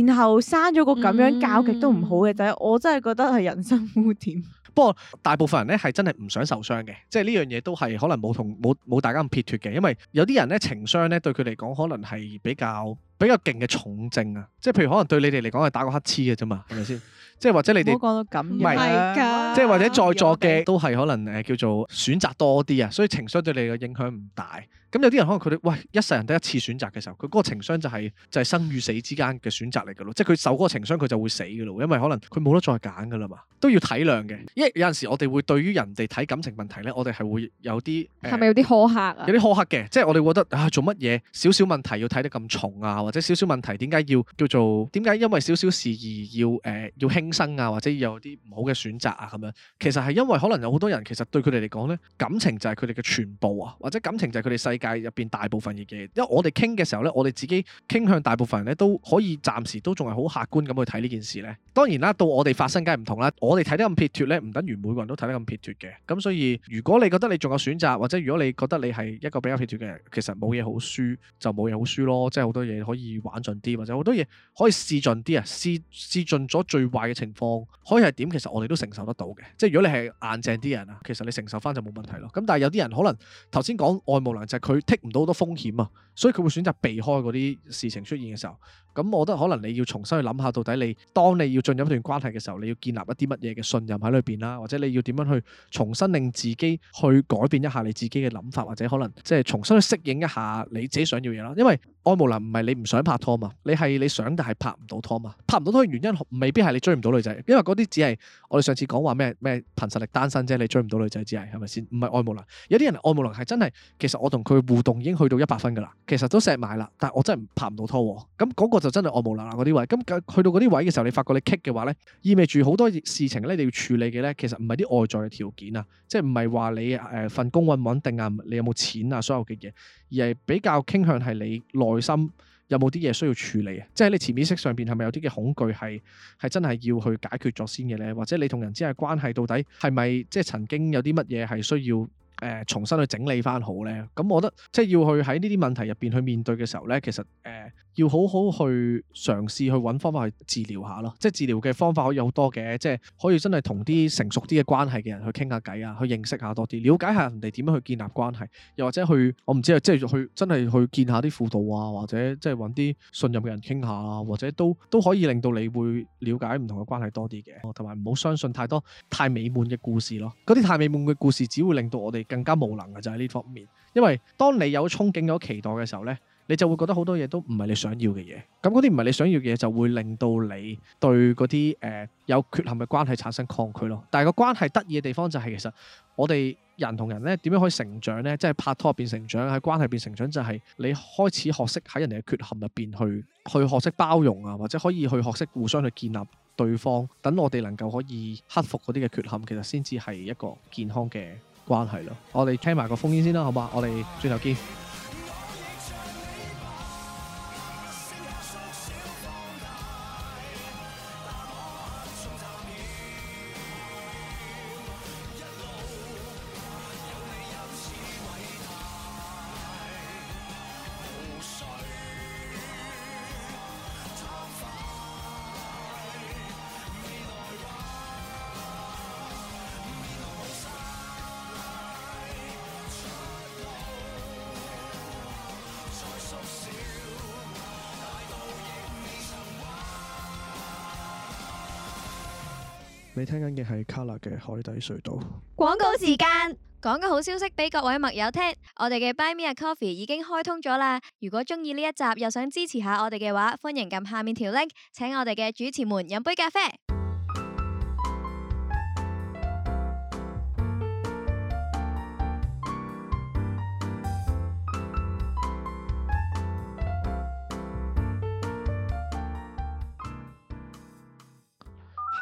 然後生咗個咁樣教極都唔好嘅仔，嗯、我真係覺得係人生污點。 <laughs> 不過大部分人咧係真係唔想受傷嘅，即係呢樣嘢都係可能冇同冇冇大家咁撇脱嘅，因為有啲人咧情商咧對佢嚟講可能係比較。比較勁嘅重症啊，即係譬如可能對你哋嚟講係打個乞嗤嘅啫嘛，係咪先？即係或者你哋，唔好講到咁樣是，唔係㗎，即係或者在座嘅都係可能誒、呃、叫做選擇多啲啊，所以情緒對你嘅影響唔大。咁、嗯、有啲人可能佢哋喂一世人得一次選擇嘅時候，佢嗰個情傷就係、是、就係、是、生與死之間嘅選擇嚟噶咯，即係佢受嗰個情傷佢就會死噶咯，因為可能佢冇得再揀噶啦嘛，都要體諒嘅。因為有陣時我哋會對於人哋睇感情問題咧，我哋係會有啲係咪有啲苛刻啊？有啲苛刻嘅，即係我哋覺得啊做乜嘢？少少問題要睇得咁重啊，或者少少問題點解要叫做點解？為因為少少事而要誒、呃、要輕生啊，或者有啲唔好嘅選擇啊咁樣。其實係因為可能有好多人其實對佢哋嚟講咧，感情就係佢哋嘅全部啊，或者感情就係佢哋世界入邊大部分嘢嘅，因為我哋傾嘅時候咧，我哋自己傾向大部分人咧都可以暫時都仲係好客觀咁去睇呢件事咧。當然啦，到我哋發生梗係唔同啦，我哋睇得咁撇脱咧，唔等於每個人都睇得咁撇脱嘅。咁所以如果你覺得你仲有選擇或者如果你覺得你係一個比較撇脱嘅人，其實冇嘢好輸，就冇嘢好輸咯，即係好多嘢可以玩盡啲，或者好多嘢可以試盡啲啊！試試盡咗最壞嘅情況可以係點，其實我哋都承受得到嘅。即係如果你係硬淨啲人啊，其實你承受翻就冇問題咯。咁但係有啲人可能頭先講愛慕良佢剔唔到好多風險啊，所以佢會選擇避開嗰啲事情出現嘅時候。咁我覺得可能你要重新去諗下，到底你當你要進入一段關係嘅時候，你要建立一啲乜嘢嘅信任喺裏邊啦，或者你要點樣去重新令自己去改變一下你自己嘅諗法，或者可能即係重新去適應一下你自己想要嘢啦，因為。愛無能唔係你唔想拍拖嘛？你係你想但係拍唔到拖嘛？拍唔到拖嘅原因未必係你追唔到女仔，因為嗰啲只係我哋上次講話咩咩憑實力單身啫，你追唔到女仔只係係咪先？唔係愛無能。有啲人愛無能係真係，其實我同佢互動已經去到一百分噶啦，其實都錫埋啦，但係我真係拍唔到拖。咁嗰個就真係愛無能啦嗰啲位，咁去到嗰啲位嘅時候，你發覺你 kick 嘅話呢，意味住好多事情呢，你要處理嘅呢，其實唔係啲外在嘅條件啊，即係唔係話你誒份、呃、工穩唔穩定啊，你有冇錢啊，所有嘅嘢，而係比較傾向係你內心有冇啲嘢需要處理啊？即係你潛意識上邊係咪有啲嘅恐懼係係真係要去解決咗先嘅咧？或者你同人之間嘅關係到底係咪即係曾經有啲乜嘢係需要？誒、呃、重新去整理翻好呢。咁、嗯、我覺得即係要去喺呢啲問題入邊去面對嘅時候呢，其實誒、呃、要好好去嘗試去揾方法去治療下咯，即係治療嘅方法可以好多嘅，即係可以真係同啲成熟啲嘅關係嘅人去傾下偈啊，去認識下多啲，了解下人哋點樣去建立關係，又或者去我唔知啊，即係去真係去見下啲輔導啊，或者即係揾啲信任嘅人傾下啊，或者都都可以令到你會了解唔同嘅關係多啲嘅，同埋唔好相信太多太美滿嘅故事咯，嗰啲太美滿嘅故事只會令到我哋。更加無能嘅就係呢方面，因為當你有憧憬、有期待嘅時候呢，你就會覺得好多嘢都唔係你想要嘅嘢。咁嗰啲唔係你想要嘅嘢，就會令到你對嗰啲誒有缺陷嘅關係產生抗拒咯。但係個關係得意嘅地方就係其實我哋人同人呢點樣可以成長呢？即係拍拖入邊成長，喺關係入邊成長，就係你開始學識喺人哋嘅缺陷入邊去去學識包容啊，或者可以去學識互相去建立對方，等我哋能夠可以克服嗰啲嘅缺陷，其實先至係一個健康嘅。關係咯，我哋傾埋個風煙先啦，好嘛？我哋轉頭見。你聽緊嘅係 KOLOR 嘅海底隧道。廣告時間，講個好消息俾各位麥友聽，我哋嘅 Buy Me a Coffee 已經開通咗啦！如果中意呢一集又想支持下我哋嘅話，歡迎撳下面條 link，請我哋嘅主持們飲杯咖啡。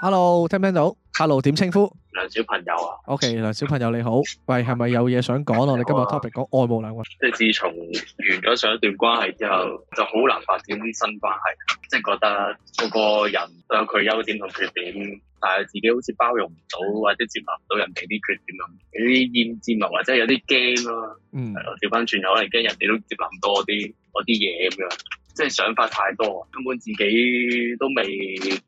Hello，聽唔聽到？Hello，點稱呼？梁小朋友啊，OK，梁小朋友你好。喂，係咪有嘢想講咯？你 <laughs> 今日 topic 講愛無能。即係自從完咗上一段關係之後，就好難發展啲新關係。即係覺得個個人都有佢優點同缺點，但係自己好似包容唔到或者接納唔到人哋啲缺點啊，有啲厭戰啊，或者有啲驚咯。嗯，係咯，調翻轉可能驚人哋都接納唔到我啲啲嘢咁樣。即係想法太多，根本自己都未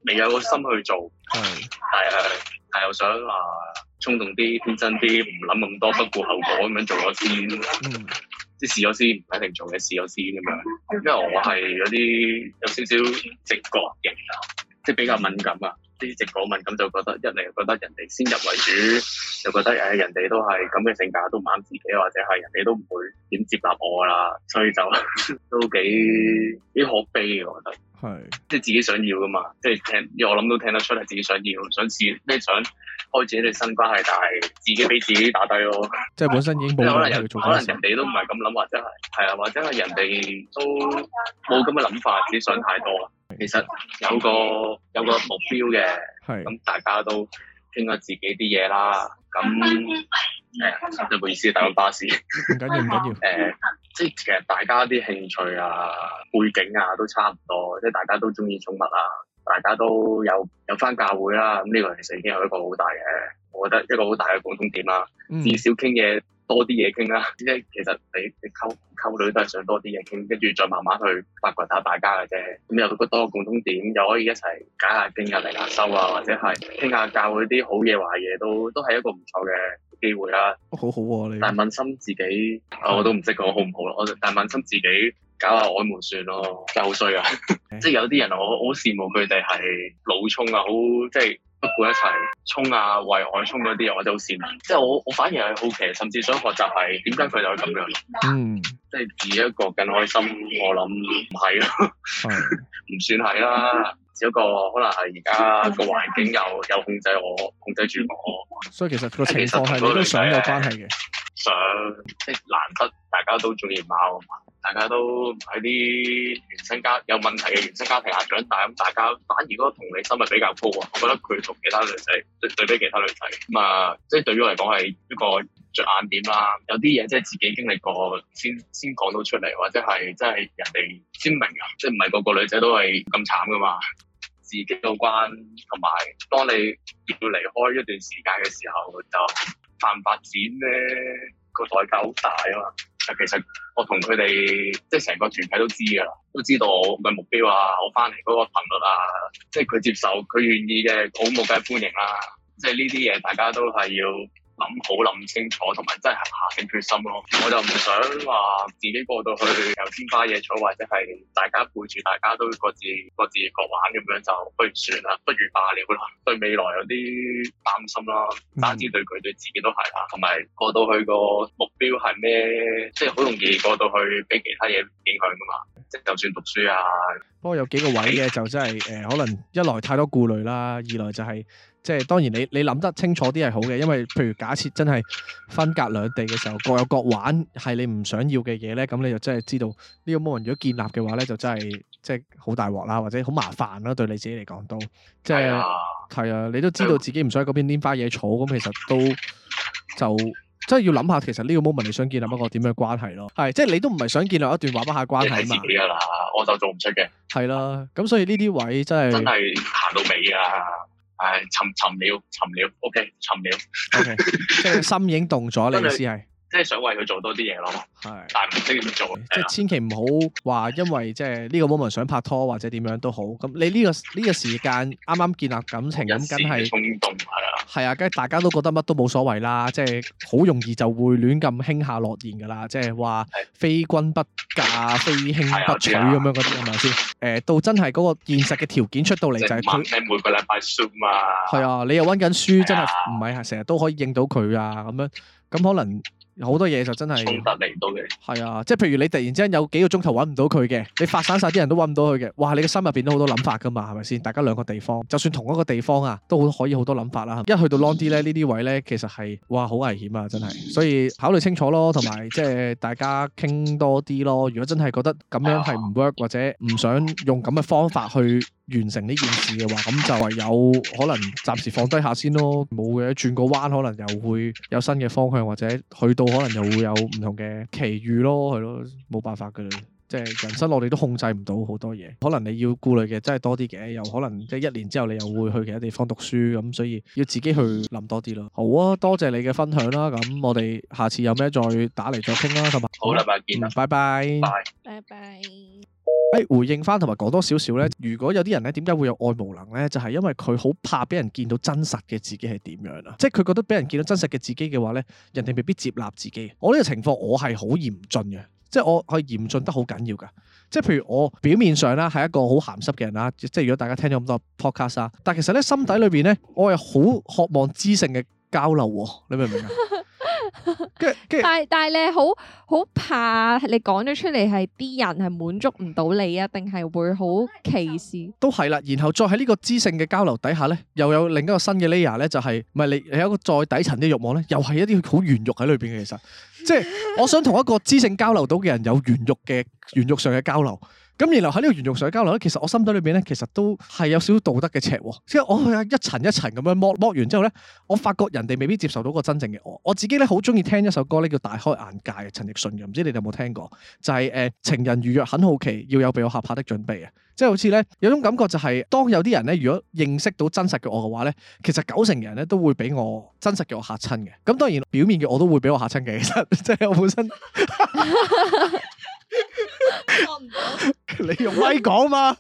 未有個心去做。係的，但係但又想話呃、衝動啲天真啲，唔諗咁多，不顧後果咁樣做咗先，即係、嗯、試咗先，唔一定做嘅，試咗先咁樣。Okay. 因為我係有啲有少少直覺型，即係比較敏感啊。啲直講問，咁就覺得一嚟，就覺得人哋先入為主，就覺得誒人哋都係咁嘅性格，都唔啱自己，或者係人哋都唔會點接納我啦，所以就 <laughs> 都幾幾可悲嘅，我覺得。係，是即係自己想要噶嘛，即係聽，因為我諗都聽得出係自己想要，想試，即想開自己啲新關係，但係自己俾自己打低咯。即係本身已經冇可能，可能人哋都唔係咁諗，或者係，係啊，或者係人哋都冇咁嘅諗法，自己想太多啦。其實有個有個目標嘅，咁是大家都。傾下自己啲嘢啦，咁誒唔好意思搭緊巴士？唔緊要，唔緊要。誒，即係其實大家啲興趣啊、背景啊都差唔多，即係大家都中意寵物啊。大家都有有翻教會啦，咁呢個其實已經係一個好大嘅，我覺得一個好大嘅共通點啦。Um. 至少傾嘢多啲嘢傾啦，即係其實你你溝溝女都係想多啲嘢傾，跟住再慢慢去發掘下大家嘅啫。咁有咗多個共通點，又可以一齊解下經啊、嚟下收啊，或者係傾下教會啲好嘢、壞嘢，都都係一個唔錯嘅機會啦。好好喎，但問心自己，oh，我都唔識講好唔好咯。我但問心自己。搞下外門算咯，真係好衰啊！即係有啲人我好羨慕佢哋係腦衝啊，好即係不管一切衝啊，為外衝嗰啲我真係好羨慕。即係我我反而係好奇，甚至想學習係點解佢哋可以咁樣？嗯，即係自己一個更開心，我諗唔係咯，唔、嗯、 <laughs> 算係啦、啊，只不過可能係而家個環境又有，有控制我，控制住我。所以其實個情況係你都想有關係嘅。想即難得大家都中意貓啊嘛，大家都喺啲原生家有問題嘅原生家庭下長大，咁大家反而嗰個同理心係比較高啊。我覺得佢同其他女仔對，對比其他女仔咁啊，即對於我嚟講係一個著眼點啦。有啲嘢即自己經歷過先先講到出嚟，或者係即係人哋先明啊。即唔係個個女仔都係咁慘噶嘛，自己有關同埋當你要離開一段時間嘅時候就。慢發展咧，個代價好大啊嘛！其實我同佢哋即係成個團體都知㗎啦，都知道我嘅目標啊，我翻嚟嗰個頻率啊，即係佢接受佢願意嘅，我好冇計歡迎啊，即係呢啲嘢大家都係要。諗好諗清楚，同埋真係下定決心咯。我就唔想話自己過到去有天花野草，或者係大家背住大家都各自各自各玩咁樣就不如算，不如算啦，不如罷了啦。對未來有啲擔心啦，單止對佢對自己都係啦，同埋過到去個目標係咩？即係好容易過到去俾其他嘢影響噶嘛。即係就算讀書啊，不過有幾個位嘅就真係誒，可能一來太多顧慮啦，二來就係、是。即係、就是、當然你，你你諗得清楚啲係好嘅，因為譬如假設真係分隔兩地嘅時候，各有各玩，係你唔想要嘅嘢咧，咁你就真係知道呢個 moment 如果建立嘅話咧，就真係即係好大鑊啦，或者好麻煩啦，對你自己嚟講都即係係啊，你都知道自己唔想喺嗰邊拈花惹草，咁其實都就真係要諗下，其實呢個 moment 你想建立一個點嘅關係咯？係即係你都唔係想建立一段話不下關係嘛？唔理我就做唔出嘅。係啦、啊，咁所以呢啲位真係真係行到尾啊！唉沉沉了，沉了，OK，沉了，OK， <laughs> 即係心已經動咗， <laughs> 你意思係？即係想為佢做多啲嘢咯，係是，但唔知點做，即係千祈唔好話，因為即係呢個 moment 想拍拖或者點樣都好。咁你呢、呢個呢、呢個時間啱啱建立感情，咁梗係衝動係啊，係啊，梗係大家都覺得乜都冇所謂啦，即係好容易就會亂咁輕下諾言㗎啦，即係話非君不嫁，啊、非卿不娶咁樣嗰啲係咪先？誒、啊，到真係嗰個現實嘅條件出到嚟就係佢，你每個禮拜輸嘛，係啊，你又溫緊書，啊、真係唔係成日都可以應到佢啊，咁樣咁可能。好多嘢就真係衝突嚟到嘅，係啊，即係譬如你突然之間有幾個鐘頭揾唔到佢嘅，你發散晒啲人都揾唔到佢嘅，哇！你嘅心入邊都好多諗法㗎嘛，係咪先？大家兩個地方，就算同一個地方啊，都好可以好多諗法啦。一去到 long 啲咧，呢啲位呢，其實係哇好危險啊，真係。所以考慮清楚咯，同埋即係大家傾多啲咯。如果真係覺得咁樣係唔 work 或者唔想用咁嘅方法去完成呢件事嘅話，咁就有可能暫時放低下先咯。冇嘅，轉個彎可能又會有新嘅方向，或者去到可能又會有唔同嘅奇遇咯，係咯，冇辦法嘅，即係人生我哋都控制唔到好多嘢。可能你要顧慮嘅真係多啲嘅，又可能即係一年之後你又會去其他地方讀書，咁所以要自己去諗多啲咯。好啊，多謝你嘅分享啦。咁我哋下次有咩再打嚟再傾啦，同埋好啦，再見啦，拜拜。拜拜。拜拜。誒、哎、回應翻同埋講多少少咧，如果有啲人咧，點解會有愛無能咧？就係、是、因為佢好怕俾人見到真實嘅自己係點樣啊！即係佢覺得俾人見到真實嘅自己嘅話咧，人哋未必接納自己。我呢個情況我係好嚴峻嘅，即係我係嚴峻得好緊要噶。即係譬如我表面上啦係一個好鹹濕嘅人啦，即係如果大家聽咗咁多 podcast，但其實咧心底裏邊咧，我係好渴望知性嘅交流喎。你明唔明啊？ <laughs> <laughs> 但係你好好怕你講咗出嚟係啲人係滿足唔到你啊，定係會好歧視？都係啦，然後再喺呢個知性嘅交流底下呢，又有另一個新嘅 layer 呢，就係唔係你有一個再底層啲欲望呢，又係一啲好原欲喺裏邊嘅，其實 <laughs> 即係我想同一個知性交流到嘅人有原欲嘅、原欲上嘅交流。咁然後喺呢個圓肉上嘅交流咧，其實我心底裏面咧，其實都係有少少道德嘅尺喎。即係我係一層一層咁樣剝剝完之後咧，我發覺人哋未必接受到個真正嘅我。我自己咧好中意聽一首歌咧叫《大開眼界》，陳奕迅嘅，唔知你哋有冇聽過？就係、是、誒、呃、情人如若很好奇，要有被我嚇怕的準備啊！即係好似咧有種感覺、就是，就係當有啲人咧，如果認識到真實嘅我嘅話咧，其實九成人咧都會俾我真實嘅我嚇親嘅。咁當然表面嘅我都會俾我嚇親嘅，其實即係我本身。 <laughs> <laughs> 播唔到， <laughs> 你用威講嘛？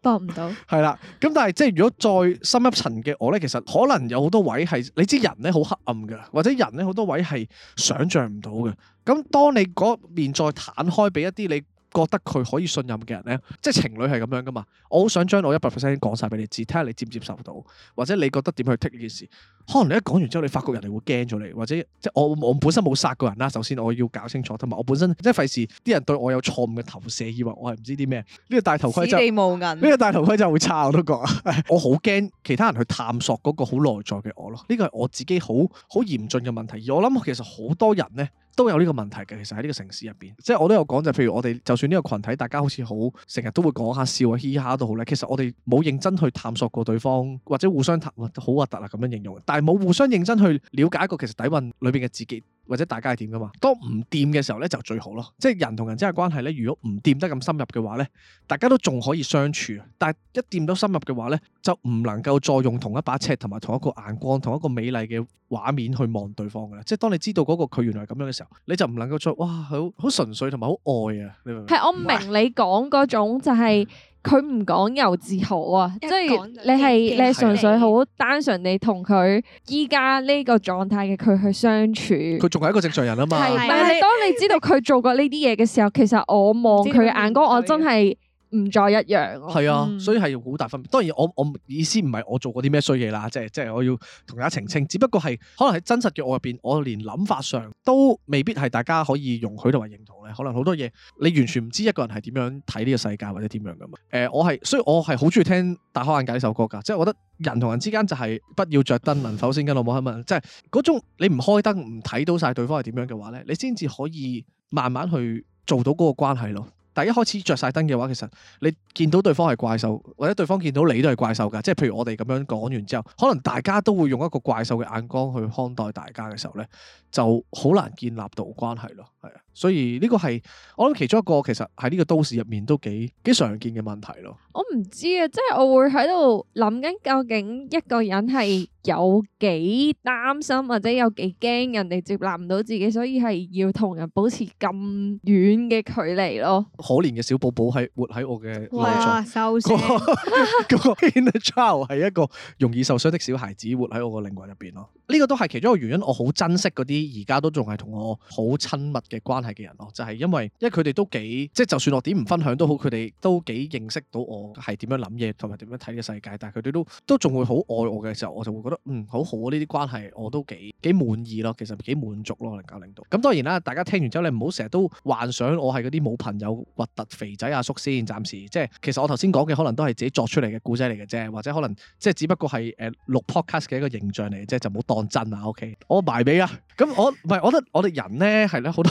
播唔到，係啦。咁但係即係如果再深一層嘅我呢，其實可能有好多位係，你知人呢好黑暗噶，或者人呢好多位係想象唔到嘅。咁當你嗰邊再攤開俾一啲你覺得佢可以信任嘅人呢，即係情侶係咁樣噶嘛。我好想將我一百 percent 講晒俾你知，睇下你接唔接受到，或者你覺得點去 take 呢件事。可能你一講完之後，你發覺人哋會驚咗你，或者即係我我本身冇殺過人啦。首先我要搞清楚，同埋我本身即係費事啲人對我有錯誤嘅投射，以為我係唔知啲咩。呢、呢個戴頭盔就呢個戴頭盔就會差，我都覺。 <laughs> 我好驚其他人去探索嗰個好內在嘅我咯。呢個係我自己好好嚴峻嘅問題。而我諗其實好多人呢都有呢個問題嘅。其實喺呢個城市入邊，即係我都有講，就譬如我哋就算呢個群體，大家好似好成日都會講下笑啊、hea 下都好咧。其實我哋冇認真去探索過對方，或者互相好核突啊咁樣形容。但係冇互相認真去了解一個其實底蘊裏邊嘅自己或者大家係點噶嘛？當唔掂嘅時候咧就最好咯，即係人同人之間嘅關係咧，如果唔掂得咁深入嘅話咧，大家都仲可以相處。但係一掂到深入嘅話咧，就唔能夠再用同一把尺同埋同一個眼光、同一個美麗嘅畫面去望對方㗎喇。即係當你知道嗰個佢原來係咁樣嘅時候，你就唔能夠再哇好好純粹同埋好愛啊！你明唔明？係，我唔明你講嗰種就係。佢唔講由自豪啊，即係你係你係純粹好單純地同佢依家呢個狀態嘅佢去相處，佢仲係一個正常人啊嘛。啊啊但係當你知道佢做過呢啲嘢嘅時候， <laughs> 其實我望佢嘅眼光，我真係。唔再一樣咯，嗯、啊，所以係要好大分別。當然我，我我意思唔係我做過啲咩衰嘢啦，即係即係我要同大家澄清。只不過係可能喺真實嘅我入邊，我連諗法上都未必係大家可以容許同埋認同咧。可能好多嘢你完全唔知一個人係點樣睇呢個世界或者點樣噶嘛。誒、呃，我係所以我係好中意聽大開眼界呢首歌噶，即係我覺得人同人之間就係不要着燈能否先跟老母喺埋，即係嗰種你唔開燈唔睇到晒對方係點樣嘅話咧，你先至可以慢慢去做到嗰個關係咯。但一開始着晒燈嘅話，其實你見到對方係怪獸，或者對方見到你都係怪獸㗎，即係譬如我哋咁樣講完之後，可能大家都會用一個怪獸嘅眼光去看待大家嘅時候咧，就好難建立到關係咯。所以呢個係我諗其中一個，其實喺呢個都市入面都幾幾常見嘅問題咯。我唔知啊，即係我會喺度諗緊究竟一個人係有幾擔心，或者有幾驚人哋接納唔到自己，所以係要同人保持咁遠嘅距離咯。可憐嘅小寶寶係活喺我嘅內心，收線個 inner child 係一個容易受傷的小孩子，活喺我個靈魂入邊咯。呢個都係其中一個原因，我好珍惜嗰啲而家都仲係同我好親密嘅關係嘅人咯，就係、是、因為，因為佢哋都幾，即係就算我點唔分享都好，佢哋都幾認識到我係點樣諗嘢，同埋點樣睇個世界。但係佢哋都都仲會好愛我嘅時候，我就會覺得嗯，好好啊！呢啲關係我都幾幾滿意咯，其實幾滿足咯，能夠令到。咁當然啦，大家聽完之後，你唔好成日都幻想我係嗰啲冇朋友核突肥仔阿叔先。暫時即係其實我頭先講嘅可能都係自己作出嚟嘅故仔嚟嘅啫，或者可能即係只不過係誒錄、呃、podcast 嘅一個形象嚟，即係就唔好當真啊。OK，我埋你啊。咁我唔係， <laughs> 我覺得我哋人咧係咧好多。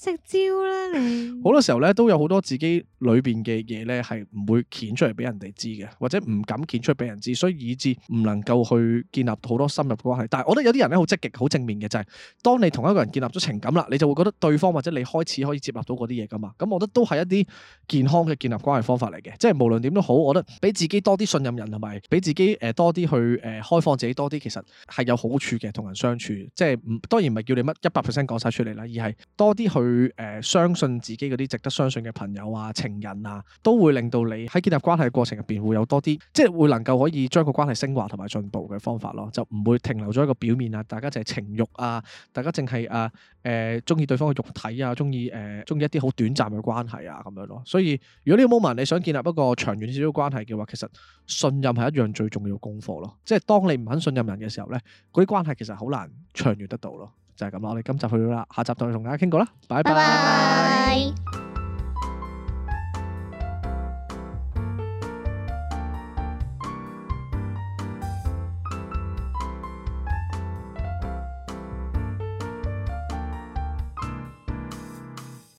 食蕉啦，你好多時候咧都有好多自己裏邊嘅嘢咧，係唔會顯出嚟俾人哋知嘅，或者唔敢顯出嚟俾人知，所以以至唔能夠去建立好多深入嘅關係。但係我覺得有啲人咧好積極、好正面嘅就係，當你同一個人建立咗情感啦，你就會覺得對方或者你開始可以接納到嗰啲嘢噶嘛。咁我覺得都係一啲健康嘅建立關係方法嚟嘅，即係，無論點都好，我覺得俾自己多啲信任人同埋，俾自己誒多啲去誒開放自己多啲，其實係有好處嘅同人相處。即係唔當然唔係叫你乜一百 percent 講晒出嚟啦，而係多啲去。佢誒、呃，相信自己嗰啲值得相信嘅朋友啊、情人啊，都會令到你喺建立關係過程入邊會有多啲，即係會能夠可以將個關係升華同埋進步嘅方法咯。就唔會停留咗一個表面啊，大家淨係情慾啊，大家淨係啊誒、呃，中意對方嘅肉體啊，中意誒、呃，中意一啲好短暫嘅關係啊，咁樣咯。所以如果呢個 moment 你想建立一個長遠少少關係嘅話，其實信任係一樣最重要功課咯。即係當你唔肯信任人嘅時候呢，嗰啲關係其實好難長遠得到咯。就係咁啦，我哋今集去到啦，下集再同大家傾過啦，拜拜。